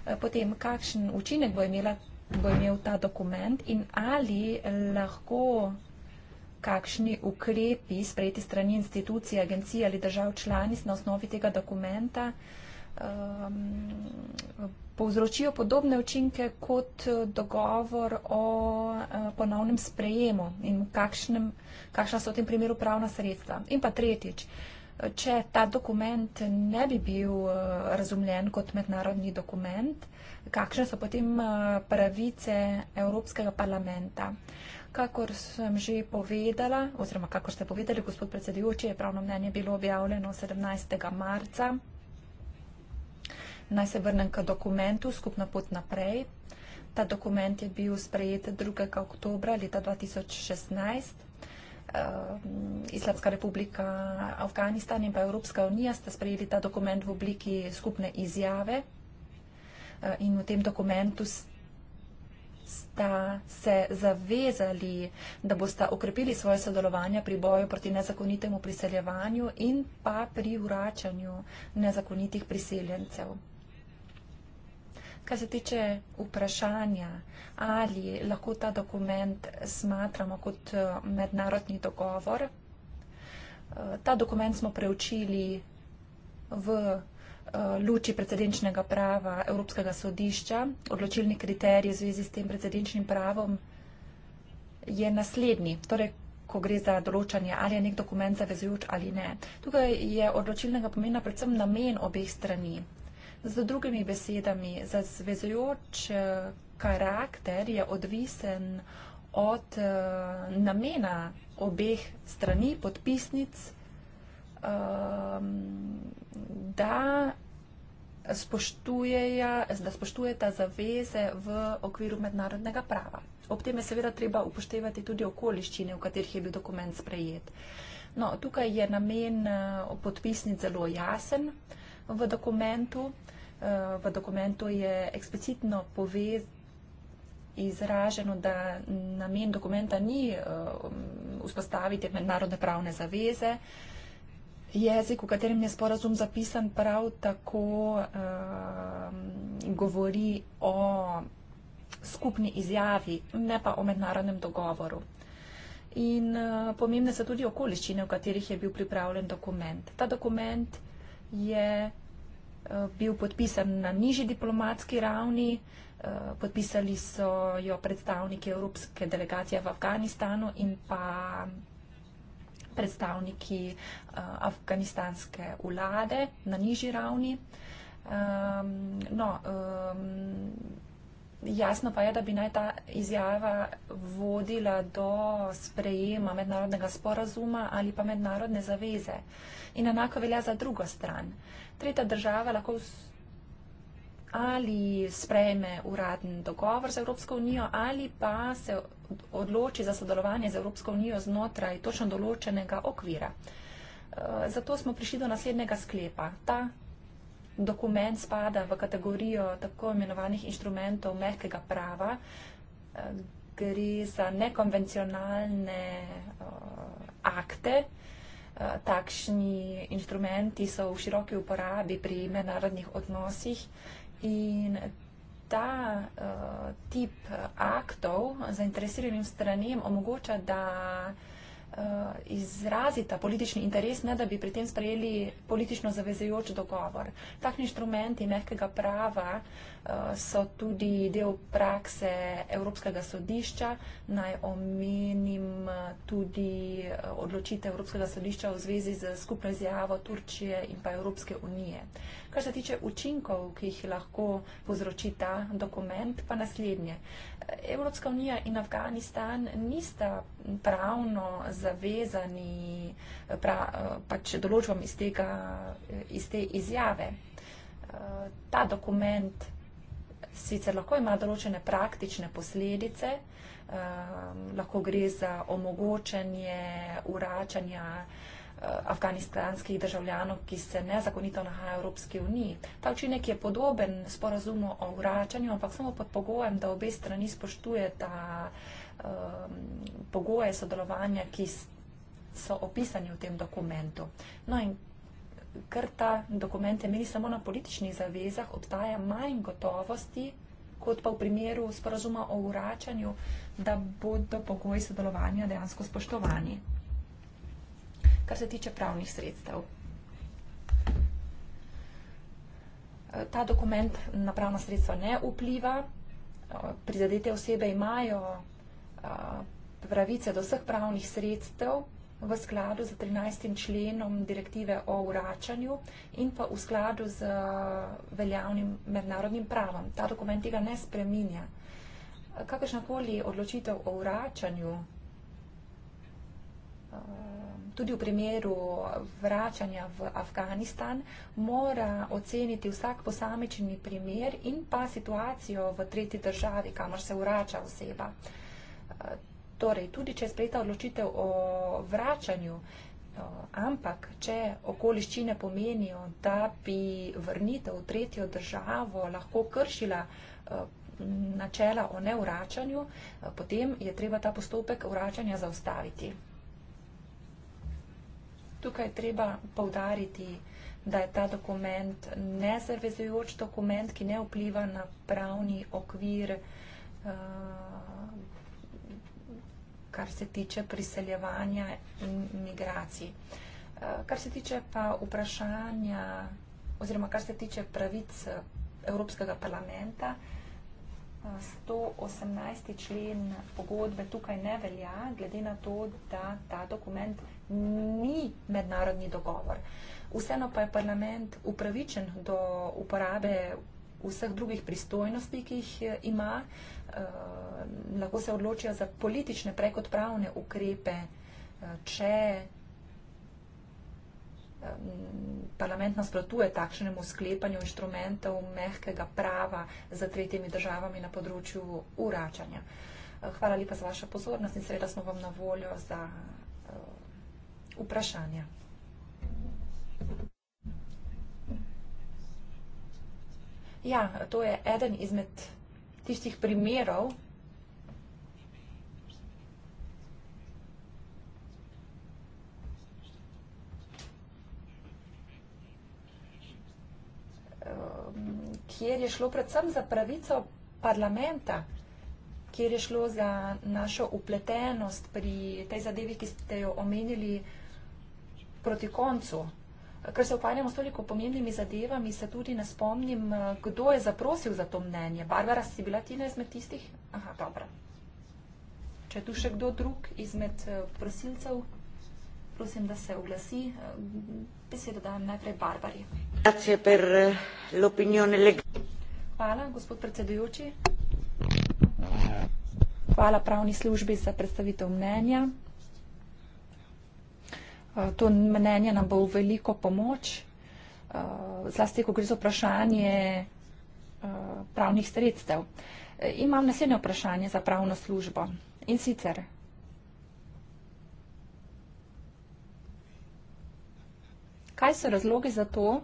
eh, potem kakšen učinek bo, imela, bo imel ta dokument in ali eh, lahko kakšni ukrepi sprejeti strani institucij, agencij ali držav članic na osnovi tega dokumenta um, povzročijo podobne učinke kot eh, dogovor o uh, ponovnem sprejemu in kakšnem, kakšna so v tem primeru pravna sredstva. In pa tretjič, uh, če ta dokument ne bi bil eh, razumljen kot mednarodni dokument, kakšne so potem eh, pravice Evropskega parlamenta. Kakor sem že povedala, oziroma kako ste povedali, gospod predsedujoči, je pravno mnenje bilo objavljeno 17. marca. Naj se vrnem k dokumentu, skupna pot naprej. Ta dokument je bil sprejet 2. oktobra leta 2016. Eh, Islamska republika Afganistan in pa Evropska unija sta sprejeli ta dokument v obliki skupne izjave eh, in v tem dokumentu sta se zavezali, da bosta okrepili svoje sodelovanje pri boju proti nezakonitemu priseljevanju in pa pri vračanju nezakonitih priseljencev. Kar se tiče vprašanja, ali lahko ta dokument smatramo kot eh, mednarodni dogovor, eh, ta dokument smo preučili v eh, luči precedenčnega prava Evropskega sodišča. Odločilni kriterij v zvezi s tem precedenčnim pravom je naslednji. Torej, ko gre za določanje, ali je nek dokument zavezujoč ali ne. Tukaj je odločilnega pomena predvsem namen obeh strani. Z drugimi besedami, zavezujoč eh, karakter je odvisen od eh, namena obeh strani, podpisnic, ehm, da spoštujejo, da spoštujeta zaveze v okviru mednarodnega prava. Ob tem je seveda treba upoštevati tudi okoliščine, v katerih je bil dokument sprejet. No, tukaj je namen eh, podpisnic zelo jasen v dokumentu. Eh, v dokumentu je eksplicitno povez, izraženo, da namen dokumenta ni eh, vzpostaviti mednarodne pravne zaveze. Jezik, v katerem je sporazum zapisan, prav tako eh, govori o skupni izjavi, ne pa o mednarodnem dogovoru. In pomembne so tudi okoliščine, v katerih je bil pripravljen dokument. Ta dokument je eh, bil podpisan na nižji diplomatski ravni. Eh, podpisali so jo predstavniki Evropske delegacije v Afganistanu in pa predstavniki eh, afganistanske vlade na nižji ravni. Ehm, no, ehm, Jasno pa je, da bi naj ta izjava vodila do sprejema mednarodnega sporazuma ali pa mednarodne zaveze. In enako velja za drugo stran. Tretja država lahko ali sprejme uraden dogovor z Evropsko unijo ali pa se odloči za sodelovanje z Evropsko unijo znotraj točno določenega okvira. Zato smo prišli do naslednjega sklepa. Ta dokument spada v kategorijo tako imenovanih instrumentov mehkega prava. Eh, gre za nekonvencionalne uh, akte. Uh, takšni instrumenti so v široki uporabi pri mednarodnih odnosih in ta uh, tip aktov zainteresiranim stranem omogoča, da uh, Eh, izrazita politični interes, ne da bi pri tem sprejeli politično zavezujoč dogovor. Takšni inštrumenti mehkega prava uh, Eh, so tudi del prakse Evropskega sodišča. Naj omenim eh, tudi eh, odločitev Evropskega sodišča v zvezi z skupno izjavo Turčije in pa Evropske unije. Kar se tiče učinkov, ki jih lahko povzroči ta dokument, pa naslednje. Evropska unija in Afganistan nista pravno zavezani pra, pač določbam iz, tega, iz te izjave. Ta dokument sicer lahko ima določene praktične posledice, um, lahko gre za omogočanje uračanja uh, afganistanskih državljanov, ki se nezakonito nahajajo v Evropski uniji. Ta učinek je podoben sporazumu o vračanju, ampak samo pod pogojem, da obe strani spoštujeta um, pogoje sodelovanja, ki so opisani v tem dokumentu. No in ker ta dokument temelji samo na političnih zavezah, obstaja manj gotovosti, kot pa v primeru sporazuma o uračanju, da bodo pogoji sodelovanja dejansko spoštovani. Kar se tiče pravnih sredstev. E, ta dokument na pravna sredstva ne vpliva. E, prizadete osebe imajo e, pravice do vseh pravnih sredstev, v skladu z 13. členom direktive o vračanju in pa v skladu z eh, veljavnim mednarodnim pravom. Ta dokument tega ne spreminja. Kakršnakoli odločitev o vračanju, eh, tudi v primeru vračanja v Afganistan, mora oceniti vsak posamečni primer in pa situacijo v tretji državi, kamor se vrača oseba. Eh, Torej, tudi če je sprejeta odločitev o vračanju, no, ampak če okoliščine pomenijo, da bi vrnitev v tretjo državo lahko kršila eh, načela o nevračanju, eh, potem je treba ta postopek vračanja zaustaviti. Tukaj je treba povdariti, da je ta dokument nezavezujoč dokument, ki ne vpliva na pravni okvir vračanja. Eh, kar se tiče priseljevanja in migracij. Eh, kar se tiče pa vprašanja oziroma kar se tiče pravic eh, Evropskega parlamenta, 118. Eh, člen pogodbe tukaj ne velja, glede na to, da ta dokument ni mednarodni dogovor. Vseeno pa je parlament upravičen do uporabe vseh drugih pristojnosti, ki jih ima, Eh, lahko se odločijo za politične prekotpravne ukrepe, eh, če eh, parlament nasprotuje takšnemu sklepanju inštrumentov mehkega prava za tretjimi državami na področju uračanja. Hvala lepa za vašo pozornost in sreda smo vam na voljo za vprašanja. Ja, to je eden izmed tistih primerov, eh, kjer je šlo predvsem za pravico parlamenta, kjer je šlo za našo upletenost pri tej zadevi, ki ste jo omenili proti koncu ker se ukvarjamo s toliko pomembnimi zadevami, se tudi ne spomnim, eh, kdo je zaprosil za to mnenje. Barbara, si bila ti ena izmed tistih? Aha, dobro. Če je tu še kdo drug izmed eh, prosilcev, prosim, da se oglasi. Eh, besedo dajem najprej Barbari. Hvala, gospod predsedujoči. Ja. Hvala pravni službi za predstavitev mnenja. Eh, to mnenje nam bo v veliko pomoč, eh, zlasti, ko gre za vprašanje eh, pravnih sredstev. Imam naslednje vprašanje za pravno službo. In sicer. Kaj so razloge za to,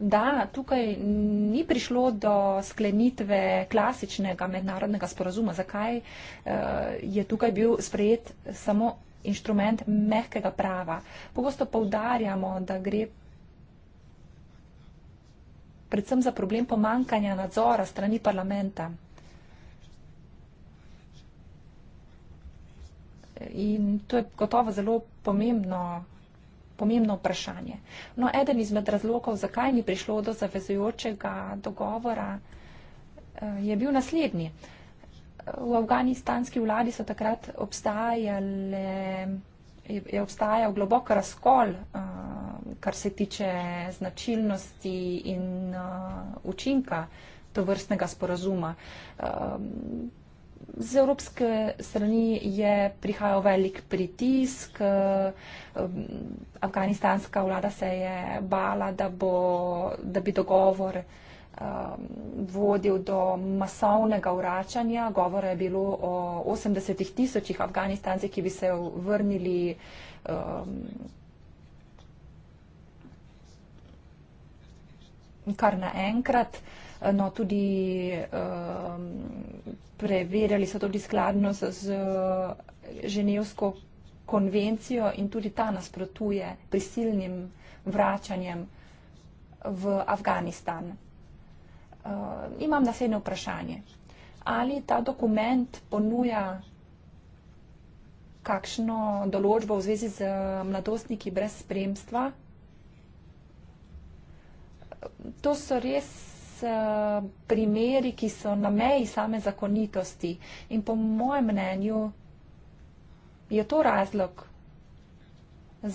da tukaj ni prišlo do sklenitve klasičnega mednarodnega sporazuma? Zakaj je tukaj bil sprejet samo inštrument mehkega prava. Pogosto povdarjamo, da gre predvsem za problem pomankanja nadzora strani parlamenta. In to je gotovo zelo pomembno, pomembno vprašanje. No, eden izmed razlogov, zakaj ni prišlo do zavezujočega dogovora, eh, je bil naslednji v afganistanski vladi so takrat obstajale, je obstajal globok razkol, eh, kar se tiče značilnosti in eh, učinka to vrstnega sporazuma. Eh, z evropske strani je prihajal velik pritisk, afganistanska vlada se je bala, da, bo, da bi dogovor Um, vodil do masovnega vračanja. Govora je bilo o 80 tisočih Afganistancih, ki bi se vrnili. Um, kar naenkrat, no tudi um, preverjali so tudi skladno z, z Ženevsko konvencijo in tudi ta nasprotuje prisilnim vračanjem v Afganistan uh, imam naslednje vprašanje. Ali ta dokument ponuja kakšno določbo v zvezi z eh, mladostniki brez spremstva? To so res uh, primeri, ki so na meji same zakonitosti in po mojem mnenju je to razlog,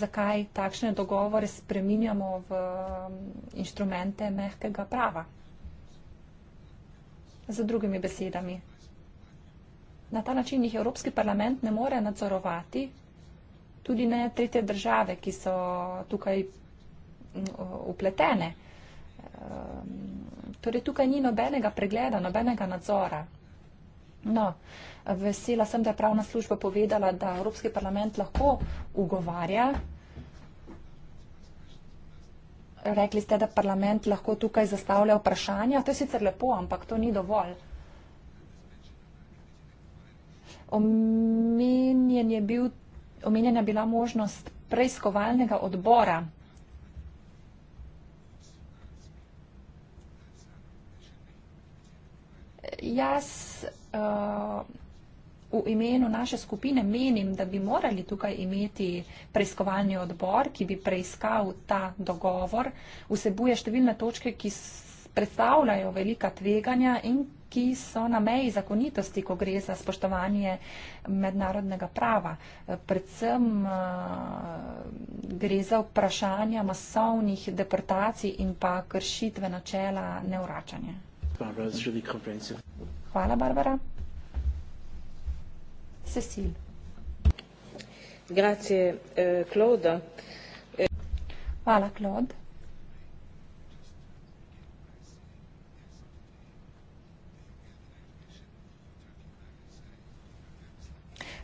zakaj takšne dogovore spreminjamo v um, inštrumente mehkega prava z drugimi besedami. Na ta način jih Evropski parlament ne more nadzorovati, tudi ne tretje države, ki so tukaj mm, upletene. Ehm, torej tukaj ni nobenega pregleda, nobenega nadzora. No, vesela sem, da je pravna služba povedala, da Evropski parlament lahko ugovarja rekli ste, da parlament lahko tukaj zastavlja vprašanja. To je sicer lepo, ampak to ni dovolj. Omenjen je bil, omenjena bila možnost preiskovalnega odbora. Jaz uh, v imenu naše skupine menim, da bi morali tukaj imeti preiskovalni odbor, ki bi preiskal ta dogovor. Vsebuje številne točke, ki predstavljajo velika tveganja in ki so na meji zakonitosti, ko gre za spoštovanje mednarodnega prava. Predvsem eh, gre za vprašanja masovnih deportacij in pa kršitve načela nevračanja. Barbara, really Hvala, Barbara. Cecil. Grazie, eh, Claude. Eh. Hvala, Claude.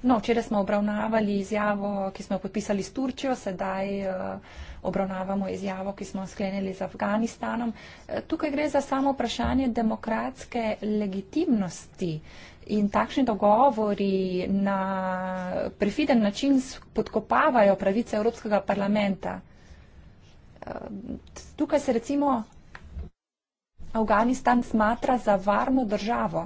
No, včeraj smo obravnavali izjavo, ki smo jo podpisali s Turčijo, sedaj uh, obravnavamo izjavo, ki smo sklenili z Afganistanom. Eh, tukaj gre za samo vprašanje demokratske legitimnosti uh, In takšni dogovori na prefiden način podkopavajo pravice Evropskega parlamenta. Eh, tukaj se recimo Afganistan smatra za varno državo.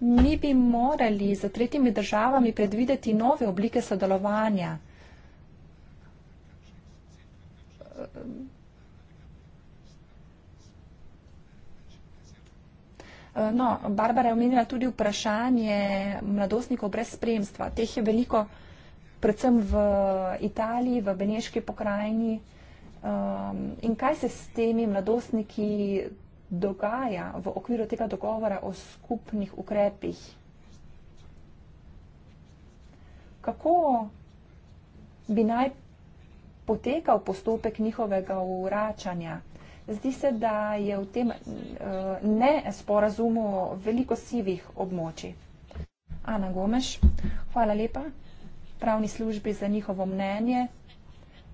Mi bi morali za tretjimi državami predvideti nove oblike sodelovanja. Eh, Eh, no, Barbara je omenila tudi vprašanje mladostnikov brez spremstva. Teh je veliko, predvsem v Italiji, v Beneški pokrajini. Um, in kaj se s temi mladostniki dogaja v okviru tega dogovora o skupnih ukrepih? Kako bi naj potekal postopek njihovega uračanja? Zdi se, da je v tem eh, ne sporazumu veliko sivih območij. Ana Gomeš, hvala lepa pravni službi za njihovo mnenje.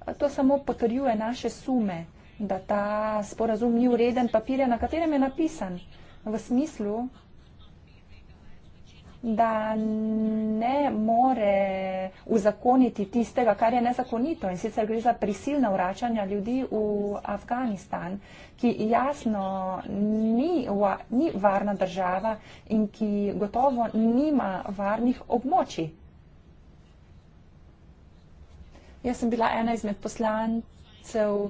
Eh, to samo potrjuje naše sume, da ta sporazum ni ureden papirja, na katerem je napisan. V smislu, da ne more uzakoniti tistega, kar je nezakonito. In sicer gre za prisilna vračanja ljudi v Afganistan, ki jasno ni, ni varna država in ki gotovo nima varnih območij. Jaz sem bila ena izmed poslancev,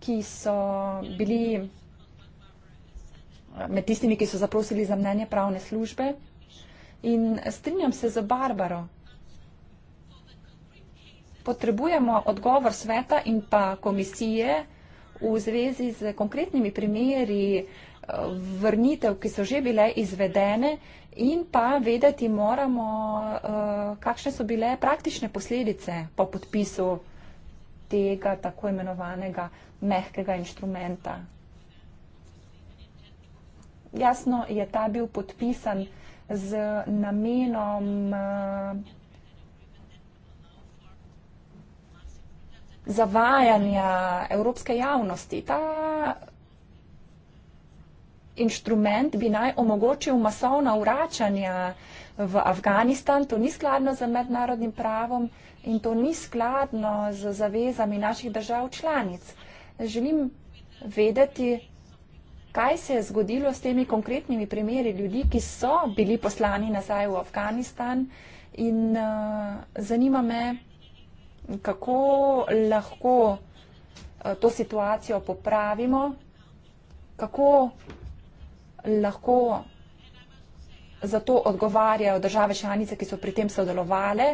ki so bili med tistimi, ki so zaprosili za mnenje pravne službe. In strinjam se za Barbaro. Potrebujemo odgovor sveta in pa komisije v zvezi z konkretnimi primeri eh, vrnitev, ki so že bile izvedene in pa vedeti moramo, eh, kakšne so bile praktične posledice po podpisu tega tako imenovanega mehkega inštrumenta. Jasno je ta bil podpisan z namenom eh, zavajanja evropske javnosti. Ta inštrument bi naj omogočil masovna vračanja v Afganistan. To ni skladno z mednarodnim pravom in to ni skladno z zavezami naših držav članic. Želim vedeti, kaj se je zgodilo s temi konkretnimi primeri ljudi, ki so bili poslani nazaj v Afganistan in uh, zanima me, kako lahko uh, to situacijo popravimo, kako lahko za to odgovarjajo države članice, ki so pri tem sodelovali.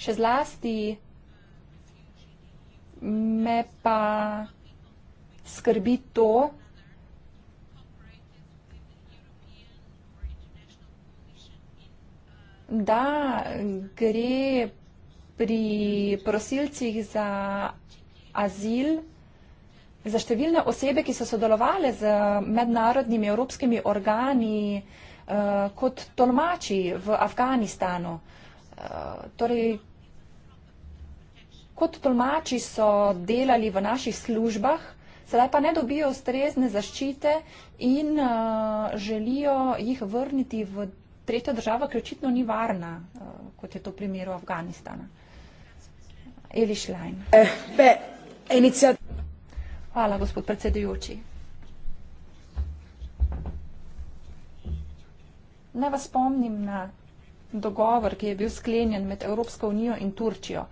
Še zlasti me pa skrbi to, da gre pri prosilcih za azil za številne osebe, ki so sodelovali z mednarodnimi evropskimi organi eh, kot tolmači v Afganistanu. Eh, torej, kot tolmači so delali v naših službah, sedaj pa ne dobijo ustrezne zaščite in uh, želijo jih vrniti v tretjo državo, ki očitno ni varna, uh, kot je to primer v Afganistanu. Eli Šlajn. Eh, Hvala, gospod predsedujoči. Ne vas spomnim na dogovor, ki je bil sklenjen med Evropsko unijo in Turčijo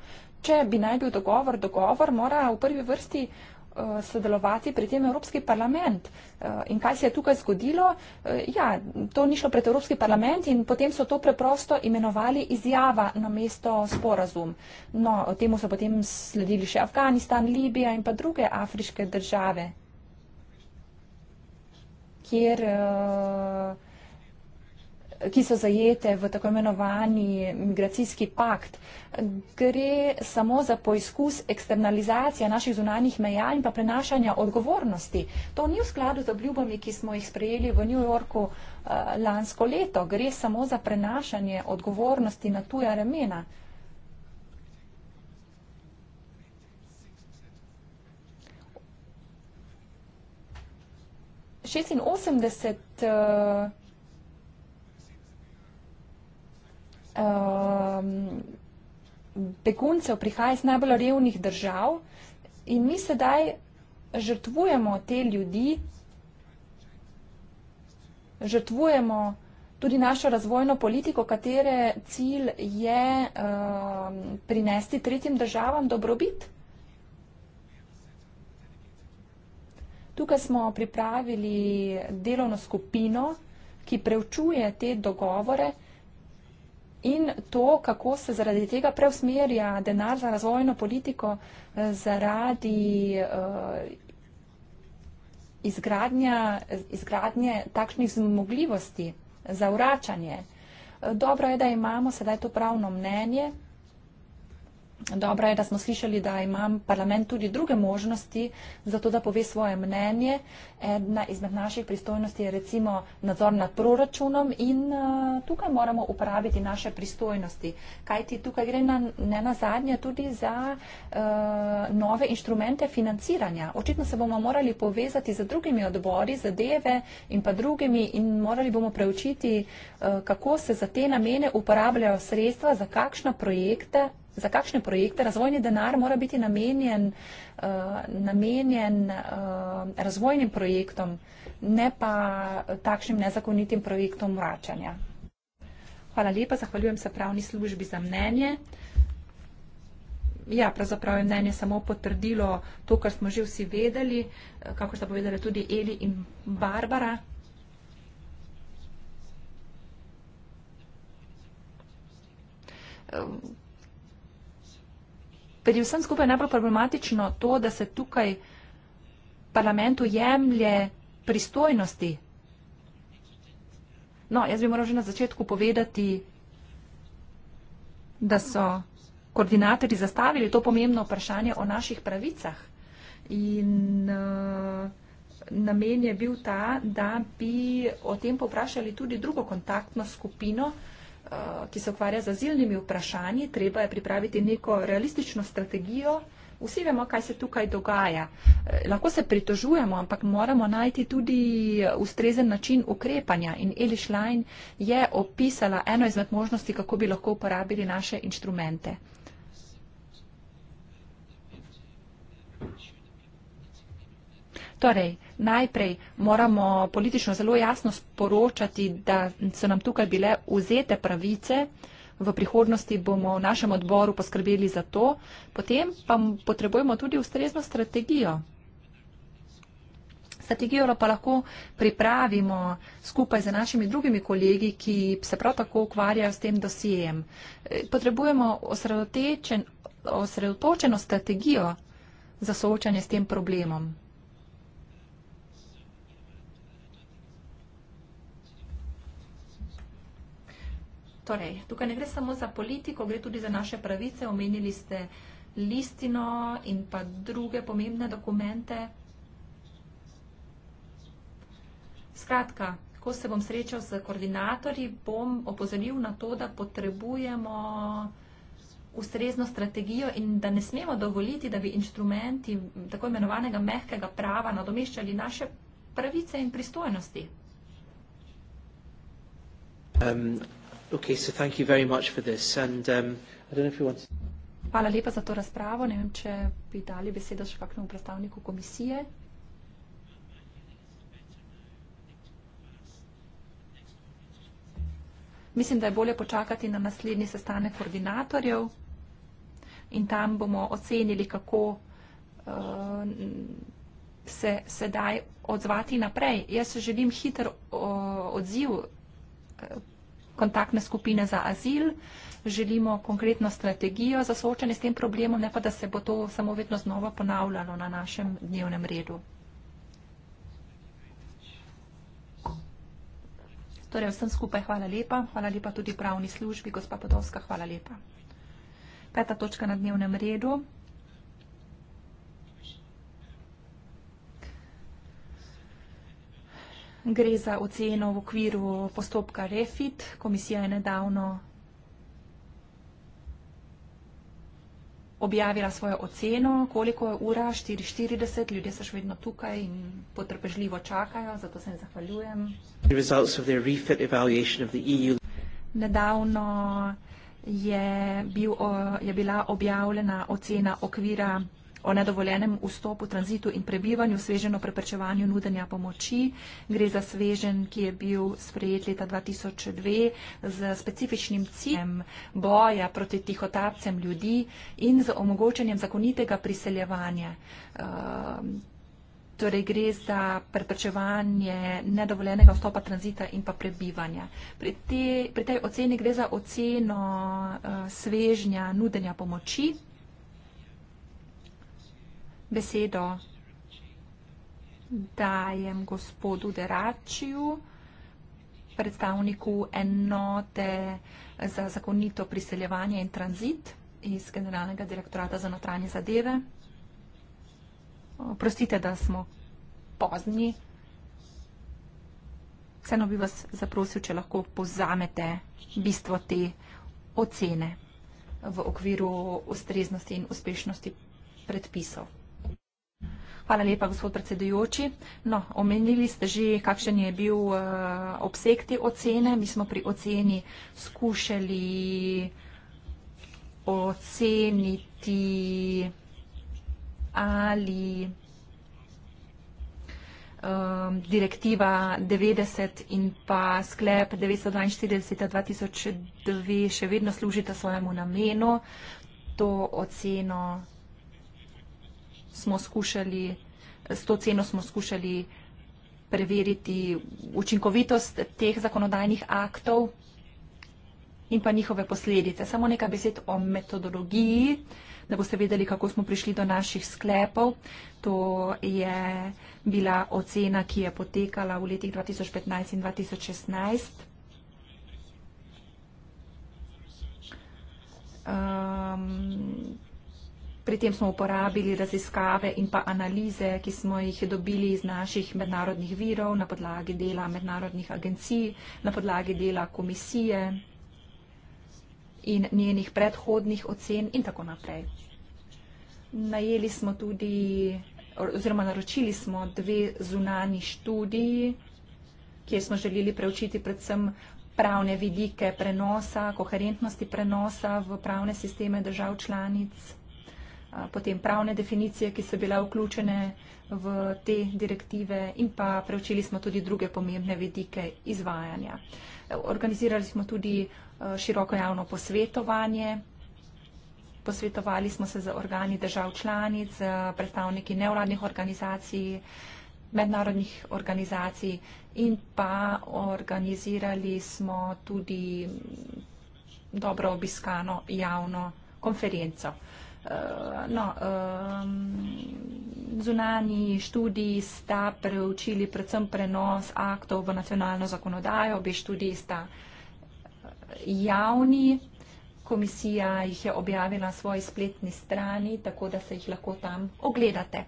če bi naj bil dogovor, dogovor mora v prvi vrsti eh, sodelovati pri tem Evropski parlament. Eh, in kaj se je tukaj zgodilo? Eh, ja, to ni šlo pred Evropski parlament in potem so to preprosto imenovali izjava na mesto sporazum. No, temu so potem sledili še Afganistan, Libija in pa druge afriške države, kjer uh, ki so zajete v tako imenovani migracijski pakt. Gre samo za poizkus eksternalizacije naših zunanjih meja in pa prenašanja odgovornosti. To ni v skladu z obljubami, ki smo jih sprejeli v New Yorku eh, lansko leto. Gre samo za prenašanje odgovornosti na tuja remena. Šestinosemdeset uh... um, beguncev prihaja iz najbolj revnih držav in mi sedaj žrtvujemo te ljudi, žrtvujemo tudi našo razvojno politiko, katere cilj je um, prinesti tretjim državam dobrobit. Tukaj smo pripravili delovno skupino, ki preučuje te dogovore in to, kako se zaradi tega preusmerja denar za razvojno politiko eh, zaradi eh, izgradnja, izgradnje takšnih zmogljivosti za vračanje. Eh, dobro je, da imamo sedaj to pravno mnenje dobro je, da smo slišali, da ima parlament tudi druge možnosti za to, da pove svoje mnenje. Ena izmed naših pristojnosti je recimo nadzor nad proračunom in eh, tukaj moramo uporabiti naše pristojnosti. Kaj ti tukaj gre na, ne na zadnje tudi za uh, nove inštrumente financiranja? Očitno se bomo morali povezati z drugimi odbori, zadeve in pa drugimi in morali bomo preučiti, uh, kako se za te namene uporabljajo sredstva, za kakšna projekta za kakšne projekte. Razvojni denar mora biti namenjen, uh, namenjen uh, razvojnim projektom, ne pa takšnim nezakonitim projektom vračanja. Hvala lepa, zahvaljujem se pravni službi za mnenje. Ja, pravzaprav je mnenje samo potrdilo to, kar smo že vsi vedeli, eh, kako sta povedali tudi Eli in Barbara. Um pri vsem skupaj najbolj problematično to, da se tukaj parlamentu jemlje pristojnosti. No, jaz bi moral že na začetku povedati, da so koordinatorji zastavili to pomembno vprašanje o naših pravicah. In uh, namen je bil ta, da bi o tem povprašali tudi drugo kontaktno skupino, uh, Eh, ki se ukvarja z azilnimi vprašanji, treba je pripraviti neko realistično strategijo. Vsi vemo, kaj se tukaj dogaja. Eh, lahko se pritožujemo, ampak moramo najti tudi ustrezen način ukrepanja. In Eli Schlein je opisala eno izmed možnosti, kako bi lahko uporabili naše inštrumente. Torej, najprej moramo politično zelo jasno sporočati, da so nam tukaj bile vzete pravice. V prihodnosti bomo v našem odboru poskrbeli za to, potem pa potrebujemo tudi ustrezno strategijo. Strategijo pa lahko pripravimo skupaj z našimi drugimi kolegi, ki se prav tako ukvarjajo s tem dosijem. E, potrebujemo osredotočeno strategijo za soočanje s tem problemom. Torej, tukaj ne gre samo za politiko, gre tudi za naše pravice. Omenili ste listino in pa druge pomembne dokumente. Skratka, ko se bom srečal z koordinatorji, bom opozoril na to, da potrebujemo ustrezno strategijo in da ne smemo dovoliti, da bi inštrumenti tako imenovanega mehkega prava nadomeščali naše pravice in pristojnosti. Um, Okay, so thank you very much for this. And um, I don't know if you want to... Hvala lepa za to razpravo. Ne vem, če bi dali besedo še kakšnemu predstavniku komisije. Mislim, da je bolje počakati na naslednji sestanek koordinatorjev in tam bomo ocenili, kako uh, se sedaj odzvati naprej. Jaz želim hiter uh, odziv. Uh, kontaktne skupine za azil, želimo konkretno strategijo za soočanje s tem problemom, ne pa da se bo to samo vedno znova ponavljalo na našem dnevnem redu. Torej vsem skupaj hvala lepa, hvala lepa tudi pravni službi, gospa Podovska, hvala lepa. Peta točka na dnevnem redu. Gre za oceno v okviru postopka REFIT. Komisija je nedavno objavila svojo oceno, koliko je ura, 4.40, ljudje so še vedno tukaj in potrpežljivo čakajo, zato se jim zahvaljujem. E nedavno je, bil, je bila objavljena ocena okvira o nedovoljenem vstopu, tranzitu in prebivanju, sveženo preprečevanju nudenja pomoči. Gre za svežen, ki je bil sprejet leta 2002 z specifičnim ciljem boja proti tihotapcem ljudi in z omogočenjem zakonitega priseljevanja. Ehm, torej gre za preprečevanje nedovoljenega vstopa tranzita in pa prebivanja. Pri, te, pri tej oceni gre za oceno uh, svežnja nudenja pomoči besedo. Dajem gospodu Deračiju, predstavniku enote za zakonito priseljevanje in tranzit iz Generalnega direktorata za notranje zadeve. Prostite, da smo pozni. Vseeno bi vas zaprosil, če lahko povzamete bistvo te ocene v okviru ustreznosti in uspešnosti predpisov. Hvala lepa, gospod predsedujoči. No, omenili ste že, kakšen je bil uh, obseg te ocene. Mi smo pri oceni skušali oceniti ali um, direktiva 90 in pa sklep 942.2002 še vedno služita svojemu namenu. To oceno smo skušali, s to ceno smo skušali preveriti učinkovitost teh zakonodajnih aktov in pa njihove posledice. Samo nekaj besed o metodologiji, da boste vedeli, kako smo prišli do naših sklepov. To je bila ocena, ki je potekala v letih 2015 in 2016. Um, ehm, Pri tem smo uporabili raziskave in pa analize, ki smo jih dobili iz naših mednarodnih virov na podlagi dela mednarodnih agencij, na podlagi dela komisije in njenih predhodnih ocen in tako naprej. Najeli smo tudi oziroma naročili smo dve zunani študiji, kjer smo želeli preučiti predvsem pravne vidike prenosa, koherentnosti prenosa v pravne sisteme držav članic potem pravne definicije, ki so bile vključene v te direktive in pa preučili smo tudi druge pomembne vidike izvajanja. Organizirali smo tudi široko javno posvetovanje. Posvetovali smo se z organi držav članic, predstavniki nevladnih organizacij, mednarodnih organizacij in pa organizirali smo tudi dobro obiskano javno konferenco. Eh, no, zunani študiji sta preučili predvsem prenos aktov v nacionalno zakonodajo, obe študiji sta eh, javni, komisija jih je objavila na svoji spletni strani, tako da se jih lahko tam ogledate.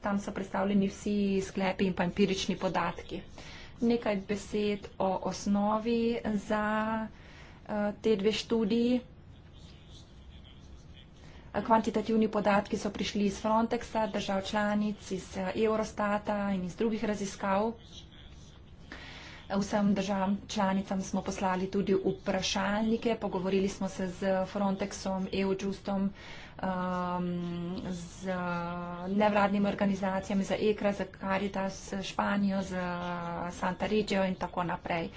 Tam so predstavljeni vsi sklepi in pa empirični podatki. Nekaj besed o osnovi za eh, te dve študiji kvantitativni podatki so prišli iz Frontexa, držav članic, iz eh, Eurostata in iz drugih raziskav. Vsem državam članicam smo poslali tudi vprašalnike, pogovorili smo se z Frontexom, EUJUSTom, um, z eh, nevladnimi organizacijami, z EKRA, z Caritas, z Španijo, z eh, Santa Regio in tako naprej.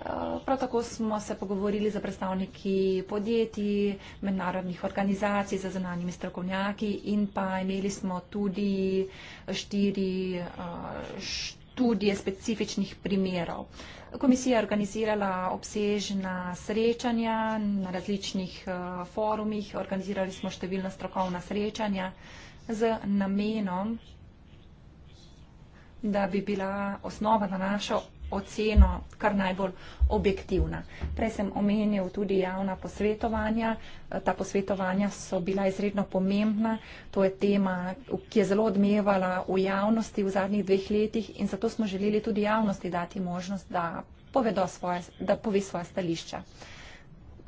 Eh, prav tako smo se pogovorili z predstavniki podjetij, mednarodnih organizacij, z zunanjimi strokovnjaki in pa imeli smo tudi eh, štiri eh, študije specifičnih primerov. Komisija je organizirala obsežna srečanja na različnih forumih, organizirali smo številna strokovna srečanja z namenom, da bi bila osnova na našo oceno kar najbolj objektivna. Prej sem omenil tudi javna posvetovanja. Eh, ta posvetovanja so bila izredno pomembna. To je tema, ki je zelo odmevala v javnosti v zadnjih dveh letih in zato smo želeli tudi javnosti dati možnost, da, svoje, da pove svoje stališča.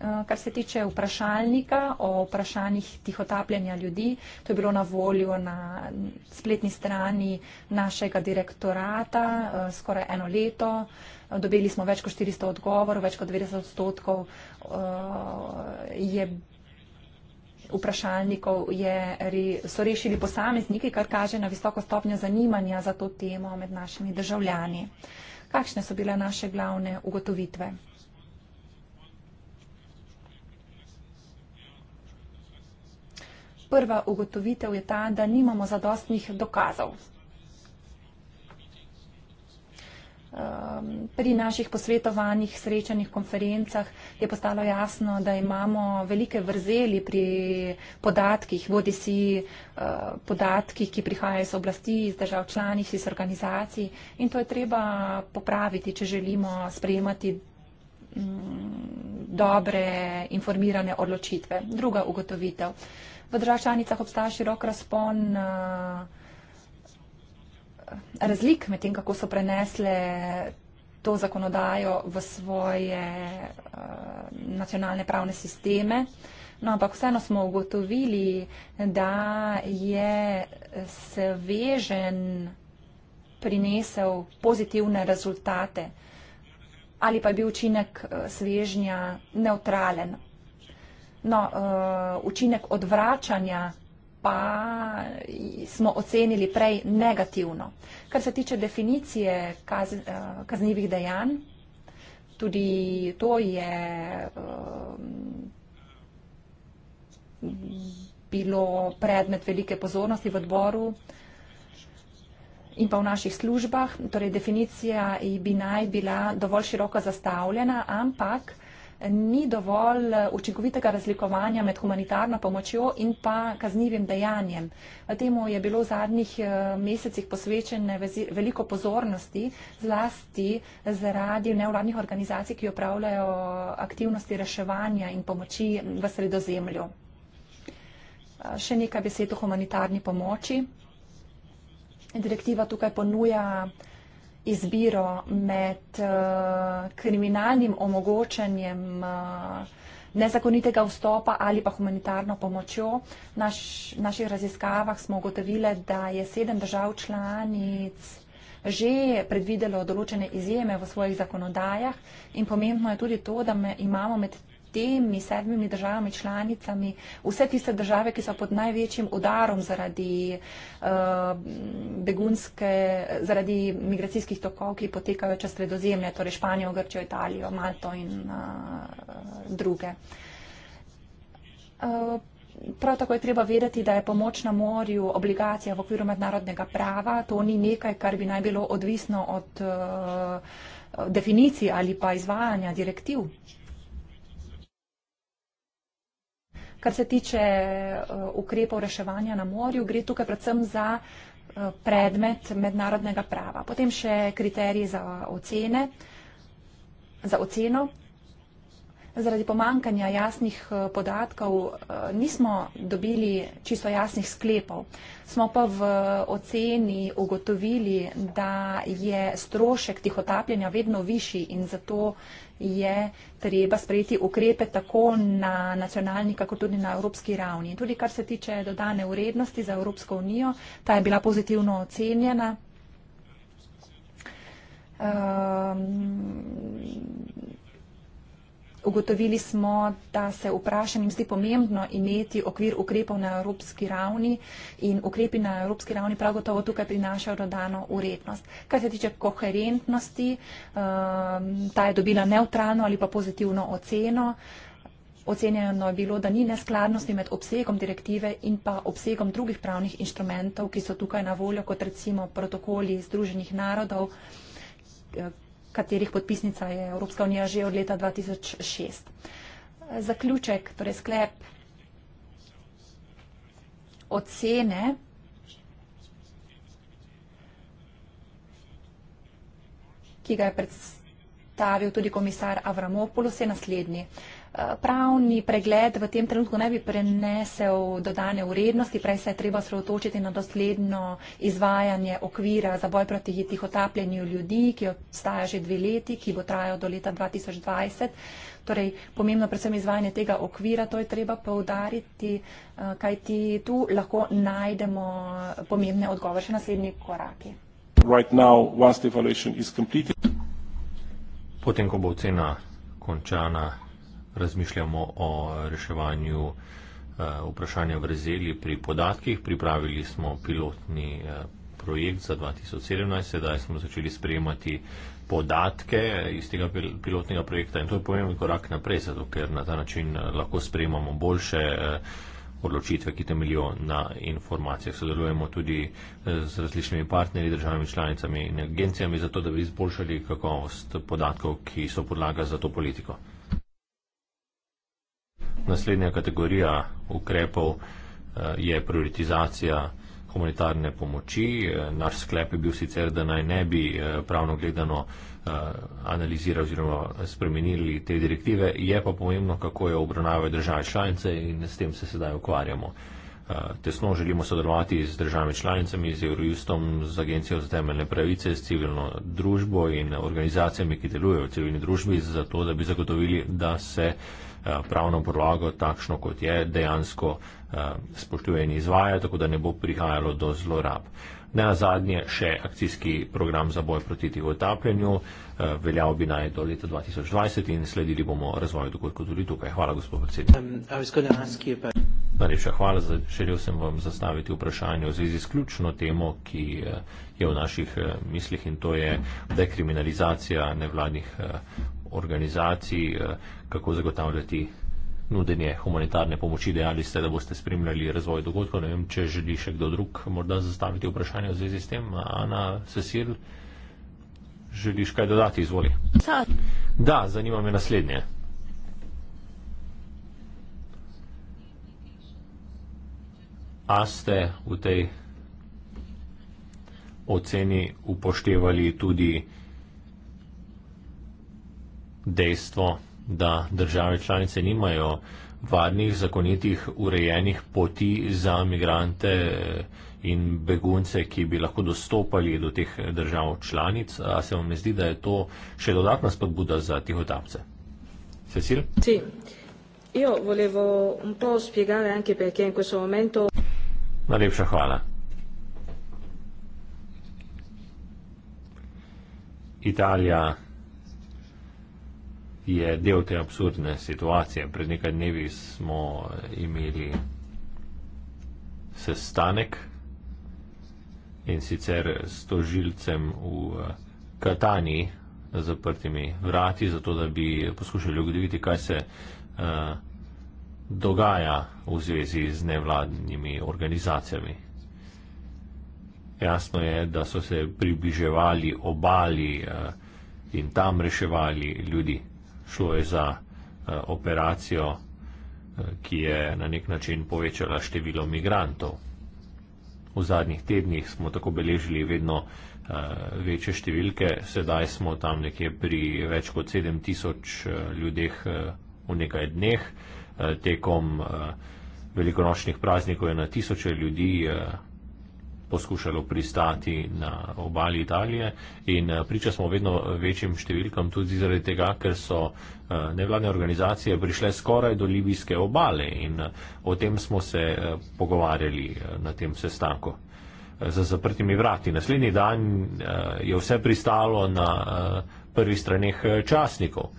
Eh, kar se tiče vprašalnika o vprašanjih tihotapljanja ljudi. To je bilo na voljo na spletni strani našega direktorata eh, skoraj eno leto. Eh, dobili smo več kot 400 odgovorov, več kot 90 odstotkov je vprašalnikov je, so rešili posamezniki, kar kaže na visoko stopnjo zanimanja za to temo med našimi državljani. Kakšne so bile naše glavne ugotovitve? prva ugotovitev je ta, da nimamo zadostnih dokazov. Ehm, pri naših posvetovanjih, srečanjih, konferencah je postalo jasno, da imamo velike vrzeli pri podatkih, bodi si eh, podatkih, ki prihajajo iz oblasti, iz držav članih, iz organizacij in to je treba popraviti, če želimo sprejemati mm, dobre informirane odločitve. Druga ugotovitev v državah članicah obstaja širok razpon eh, razlik med tem, kako so prenesle to zakonodajo v svoje eh, nacionalne pravne sisteme. No, ampak vseeno smo ugotovili, da je svežen prinesel pozitivne rezultate ali pa je bil učinek eh, svežnja neutralen No, uh, učinek odvračanja pa smo ocenili prej negativno. Kar se tiče definicije kaz, uh, eh, kaznivih dejanj, tudi to je uh, bilo predmet velike pozornosti v odboru in pa v naših službah. Torej, definicija bi naj bila dovolj široko zastavljena, ampak uh, ni dovolj eh, učinkovitega razlikovanja med humanitarno pomočjo in pa kaznivim dejanjem. Temu je bilo v zadnjih eh, mesecih posvečene veliko pozornosti, zlasti eh, zaradi nevladnih organizacij, ki upravljajo aktivnosti reševanja in pomoči mm, v sredozemlju. Še nekaj besed o humanitarni pomoči. Direktiva tukaj ponuja izbiro med uh, kriminalnim omogočanjem uh, nezakonitega vstopa ali pa humanitarno pomočjo. V Naš, naših raziskavah smo ugotovili, da je sedem držav članic že predvidelo določene izjeme v svojih zakonodajah in pomembno je tudi to, da me, imamo med temi sedmimi državami članicami, vse tiste države, ki so pod največjim udarom zaradi uh, begunske, zaradi migracijskih tokov, ki potekajo čez sredozemlje, torej Španijo, Grčijo, Italijo, Malto in uh, druge. Uh, Prav tako je treba vedeti, da je pomoč na morju obligacija v okviru mednarodnega prava. To ni nekaj, kar bi naj bilo odvisno od uh, definicij ali pa izvajanja direktiv. Uh, Kar se tiče eh, ukrepov reševanja na morju, gre tukaj predvsem za eh, predmet mednarodnega prava. Potem še kriteriji za ocene, za oceno. Zaradi pomankanja jasnih eh, podatkov nismo dobili čisto jasnih sklepov. Smo pa v oceni ugotovili, da je strošek tihotapljanja vedno višji in zato je treba sprejeti ukrepe tako na nacionalni, kako tudi na evropski ravni. In tudi kar se tiče dodane vrednosti za Evropsko unijo, ta je bila pozitivno ocenjena. Um, Ugotovili smo, da se vprašanjem zdi pomembno imeti okvir ukrepov na evropski ravni in ukrepi na evropski ravni prav gotovo tukaj prinašajo dodano urednost. Kar se tiče koherentnosti, um, ta je dobila neutralno ali pa pozitivno oceno. Ocenjeno je bilo, da ni neskladnosti med obsegom direktive in pa obsegom drugih pravnih inštrumentov, ki so tukaj na voljo, kot recimo protokoli Združenih narodov, katerih podpisnica je Evropska unija že od leta 2006. Zaključek, torej sklep ocene ki ga je predstavil tudi komisar Avramopoulos, je naslednji. Uh, pravni pregled v tem trenutku ne bi prenesel dodane urednosti, prej se je treba sredotočiti na dosledno izvajanje okvira za boj proti tihotapljenju ljudi, ki obstaja že dve leti, ki bo trajal do leta 2020. Torej, pomembno predvsem izvajanje tega okvira, to je treba povdariti, eh, kaj ti tu lahko najdemo pomembne odgovore, še naslednji koraki. Right now, Potem, ko bo ocena končana, razmišljamo o reševanju eh, vprašanja vrzeli pri podatkih. Pripravili smo pilotni eh, projekt za 2017, sedaj smo začeli sprejemati podatke iz tega pilotnega projekta in to je pomemben korak naprej, zato ker na ta način eh, lahko sprejemamo boljše odločitve, ki temeljijo na informacijah. Sodelujemo tudi z različnimi partnerji, državami, članicami in agencijami, zato da bi izboljšali kakovost podatkov, ki so podlaga za to politiko. Naslednja kategorija ukrepov eh, je prioritizacija humanitarne pomoči. Eh, naš sklep je bil sicer, da naj ne bi eh, pravno gledano analizirali oziroma spremenili te direktive, je pa pomembno, kako jo obravnavajo države članice in s tem se sedaj ukvarjamo. Tesno želimo sodelovati z državami članicami, z Eurojustom, z Agencijo za temeljne pravice, s civilno družbo in organizacijami, ki delujejo v civilni družbi, zato da bi zagotovili, da se uh, Eh, pravno podlago, takšno kot je, dejansko eh, spoštuje in izvaja, tako da ne bo prihajalo do zlorab. Ne na zadnje še akcijski program za boj proti tih otapljenju, eh, veljal bi naj do leta 2020 in sledili bomo razvoju dogodkov tudi tukaj. Hvala, gospod predsednik. Um, Najlepša hvala, želel sem vam zastaviti vprašanje v zvezi s ključno temo, ki je v naših mislih in to je dekriminalizacija nevladnih organizacij kako zagotavljati nudenje humanitarne pomoči. Dejali ste, da boste spremljali razvoj dogodkov. Ne vem, če želi še kdo drug morda zastaviti vprašanje v zvezi s tem. Ana Cecil, želiš kaj dodati? Izvoli. Da, zanima me naslednje. A ste v tej oceni upoštevali tudi dejstvo, da države članice nimajo varnih, zakonitih, urejenih poti za migrante in begunce, ki bi lahko dostopali do teh držav članic. A se vam ne zdi, da je to še dodatna spodbuda za tih otapce? Cecil? Sì. Io volevo un po' spiegare anche perché in questo momento... Najlepša hvala. Italia je del te absurdne situacije. Pred nekaj dnevi smo imeli sestanek in sicer s tožilcem v eh, Katani zaprtimi vrati, zato da bi poskušali ugotoviti, kaj se uh, dogaja v zvezi z nevladnimi organizacijami. Jasno je, da so se približevali obali uh, in tam reševali ljudi šlo je za eh, operacijo, eh, ki je na nek način povečala število migrantov. V zadnjih tednih smo tako beležili vedno eh, večje številke, sedaj smo tam nekje pri več kot 7000 ljudeh v nekaj dneh. Tekom velikonočnih praznikov je na tisoče ljudi poskušalo pristati na obali Italije in eh, priča smo vedno večjim številkam tudi zaradi tega, ker so eh, nevladne organizacije prišle skoraj do libijske obale in eh, o tem smo se pogovarjali na tem sestanku. Za zaprtimi vrati. Naslednji dan je vse pristalo na prvih straneh časnikov.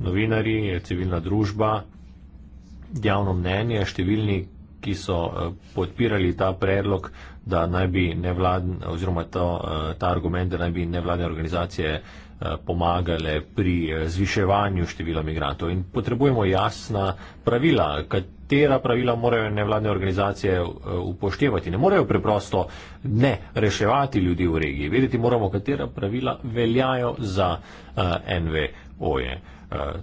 Novinari, civilna družba, javno mnenje, številni ki so eh, podpirali ta predlog, da naj bi nevladen oziroma to, eh, ta argument, da naj bi nevladne organizacije eh, pomagale pri zviševanju števila migrantov. In potrebujemo jasna pravila, katera pravila morajo nevladne organizacije upoštevati. Ne morejo preprosto ne reševati ljudi v regiji. Vedeti moramo, katera pravila veljajo za NVO-je.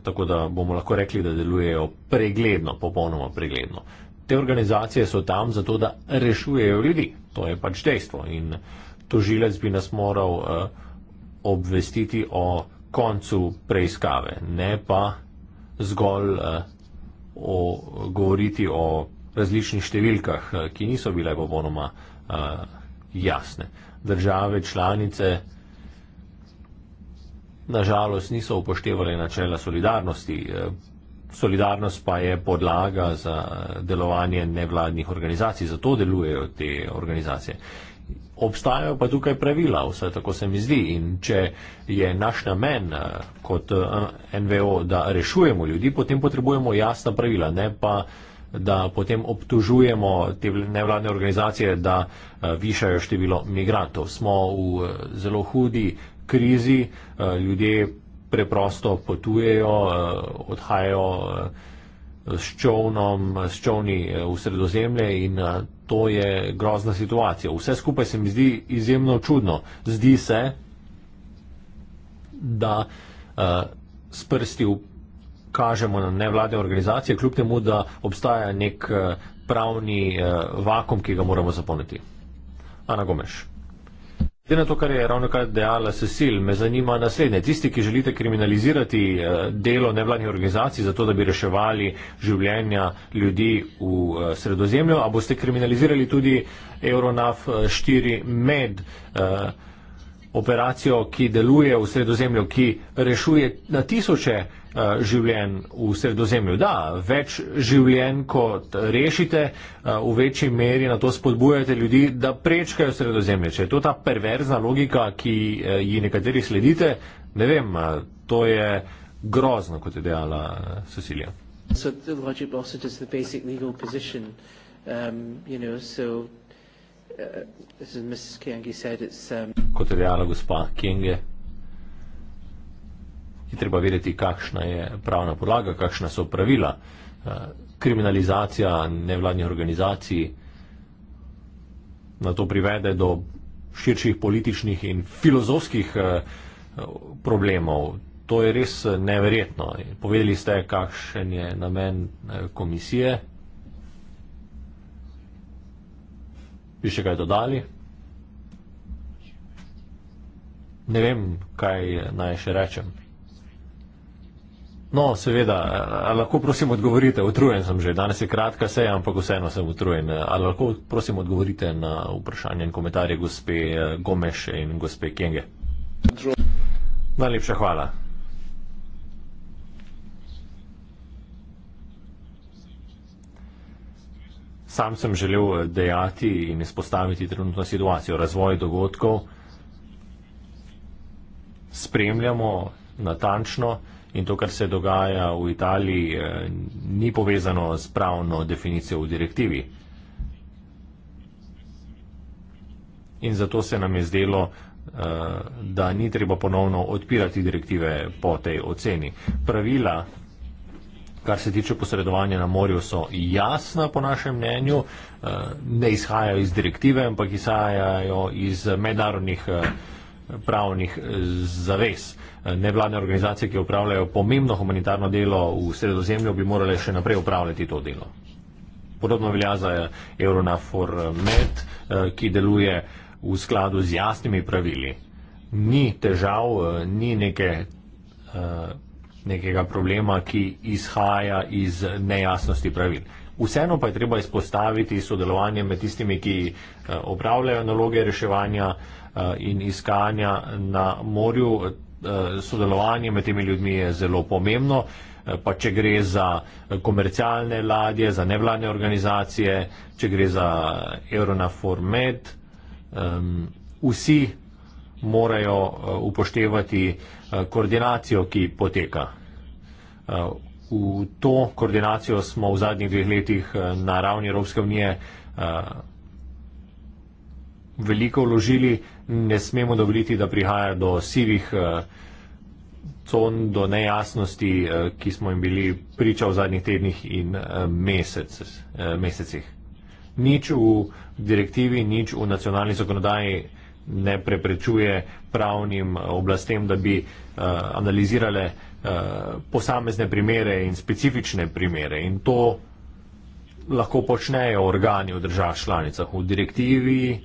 Tako da bomo lahko rekli, da delujejo pregledno, popolnoma pregledno. Te organizacije so tam zato, da rešujejo ljudi. To je pač dejstvo. In tožilec bi nas moral uh, obvestiti o koncu preiskave, ne pa zgolj uh, o, govoriti o različnih številkah, eh, ki niso bile popolnoma uh, jasne. Države članice nažalost niso upoštevali načela solidarnosti. Uh, Solidarnost pa je podlaga za delovanje nevladnih organizacij, zato delujejo te organizacije. Obstajajo pa tukaj pravila, vse tako se mi zdi. In če je naš namen eh, kot eh, NVO, da rešujemo ljudi, potem potrebujemo jasna pravila, ne pa da potem obtožujemo te nevladne organizacije, da eh, višajo število migrantov. Smo v zelo hudi krizi, ljudje preprosto potujejo, eh, odhajajo eh, s čovnom, s čovni eh, v sredozemlje in to je grozna situacija. Vse skupaj se mi zdi izjemno čudno. Zdi se, da s prsti kažemo na nevladne organizacije, kljub temu, da obstaja nek pravni vakum, ki ga moramo zapolniti. Ana Gomes. Glede na to, kar je ravno kar dejala Cecil, me zanima naslednje. Tisti, ki želite kriminalizirati eh, delo nevladnih organizacij za to, da bi reševali življenja ljudi v eh, sredozemlju, a boste kriminalizirali tudi Euronav 4 eh, med eh, operacijo, ki deluje v sredozemlju, ki rešuje na tisoče Eh, življenj v sredozemlju. Da, več življenj kot rešite, eh, v večji meri na to spodbujate ljudi, da prečkajo sredozemlje. Če je to ta perverzna logika, ki eh, ji nekateri sledite, ne vem, to je grozno, kot je dejala Cecilija. Kot je dejala gospa Kenge, je treba vedeti, kakšna je pravna podlaga, kakšna so pravila. Eh, kriminalizacija nevladnih organizacij na to privede do širših političnih in filozofskih eh, problemov. To je res eh, neverjetno. Povedali ste, kakšen je namen komisije. Bi še kaj dodali? Ne vem, kaj naj še rečem. No, seveda, ali lahko prosim odgovorite, utrujen sem že, danes je kratka seja, ampak vseeno sem utrujen. Ali lahko prosim odgovorite na vprašanje in komentarje gospe eh, Gomeš in gospe Kenge? Najlepša hvala. Sam sem želel eh, dejati in izpostaviti trenutno situacijo. Razvoj dogodkov spremljamo natančno in to, kar se dogaja v Italiji, eh, ni povezano s pravno definicijo v direktivi. In zato se nam je zdelo, eh, da ni treba ponovno odpirati direktive po tej oceni. Pravila, kar se tiče posredovanja na morju, so jasna po našem mnenju, eh, ne izhajajo iz direktive, ampak izhajajo iz mednarodnih pravnih zaves nevladne organizacije, ki upravljajo pomembno humanitarno delo v sredozemlju, bi morale še naprej upravljati to delo. Podobno velja za eh, Euronafor eh, Med, eh, ki deluje v skladu z jasnimi pravili. Ni težav, ni neke, nekega problema, ki izhaja iz nejasnosti pravil. Vseeno pa je treba izpostaviti sodelovanje med tistimi, ki opravljajo naloge reševanja in iskanja na morju. Eh, sodelovanje med temi ljudmi je zelo pomembno, eh, pa če gre za komercialne ladje, za nevladne organizacije, če gre za Euronafor Med, um, vsi morajo eh, upoštevati koordinacijo, ki poteka. V to koordinacijo smo v zadnjih dveh letih na ravni Evropske unije veliko vložili, ne smemo dovoliti, da prihaja do sivih eh, con, do nejasnosti, eh, ki smo jim bili priča v zadnjih tednih in eh, mesec, mesecih. Nič v direktivi, nič v nacionalni zakonodaji ne preprečuje pravnim oblastem, da bi analizirale posamezne primere in specifične primere. In to lahko počnejo organi v državah članicah. V direktivi,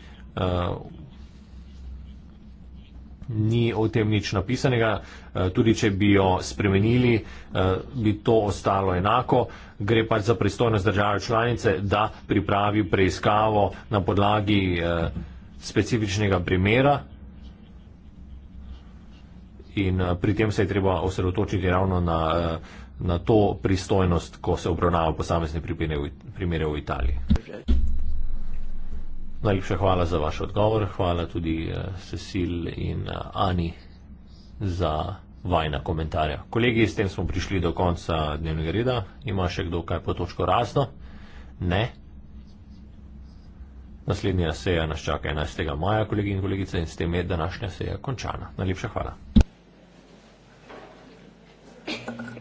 ni o tem nič napisanega, eh, tudi če bi jo spremenili, eh, bi to ostalo enako. Gre pač za pristojnost države članice, da pripravi preiskavo na podlagi eh, specifičnega primera in pri tem se je treba osredotočiti ravno na, na to pristojnost, ko se obravnava posamezne primere v Italiji. Okay. Najlepša hvala za vaš odgovor, hvala tudi eh, Cecil in eh, Ani za vajna komentarja. Kolegi, s tem smo prišli do konca dnevnega reda. Ima še kdo kaj po točko razno? Ne. Naslednja seja nas čaka 11. maja, kolegi in kolegice, in s tem je današnja seja končana. Najlepša hvala. Thank you.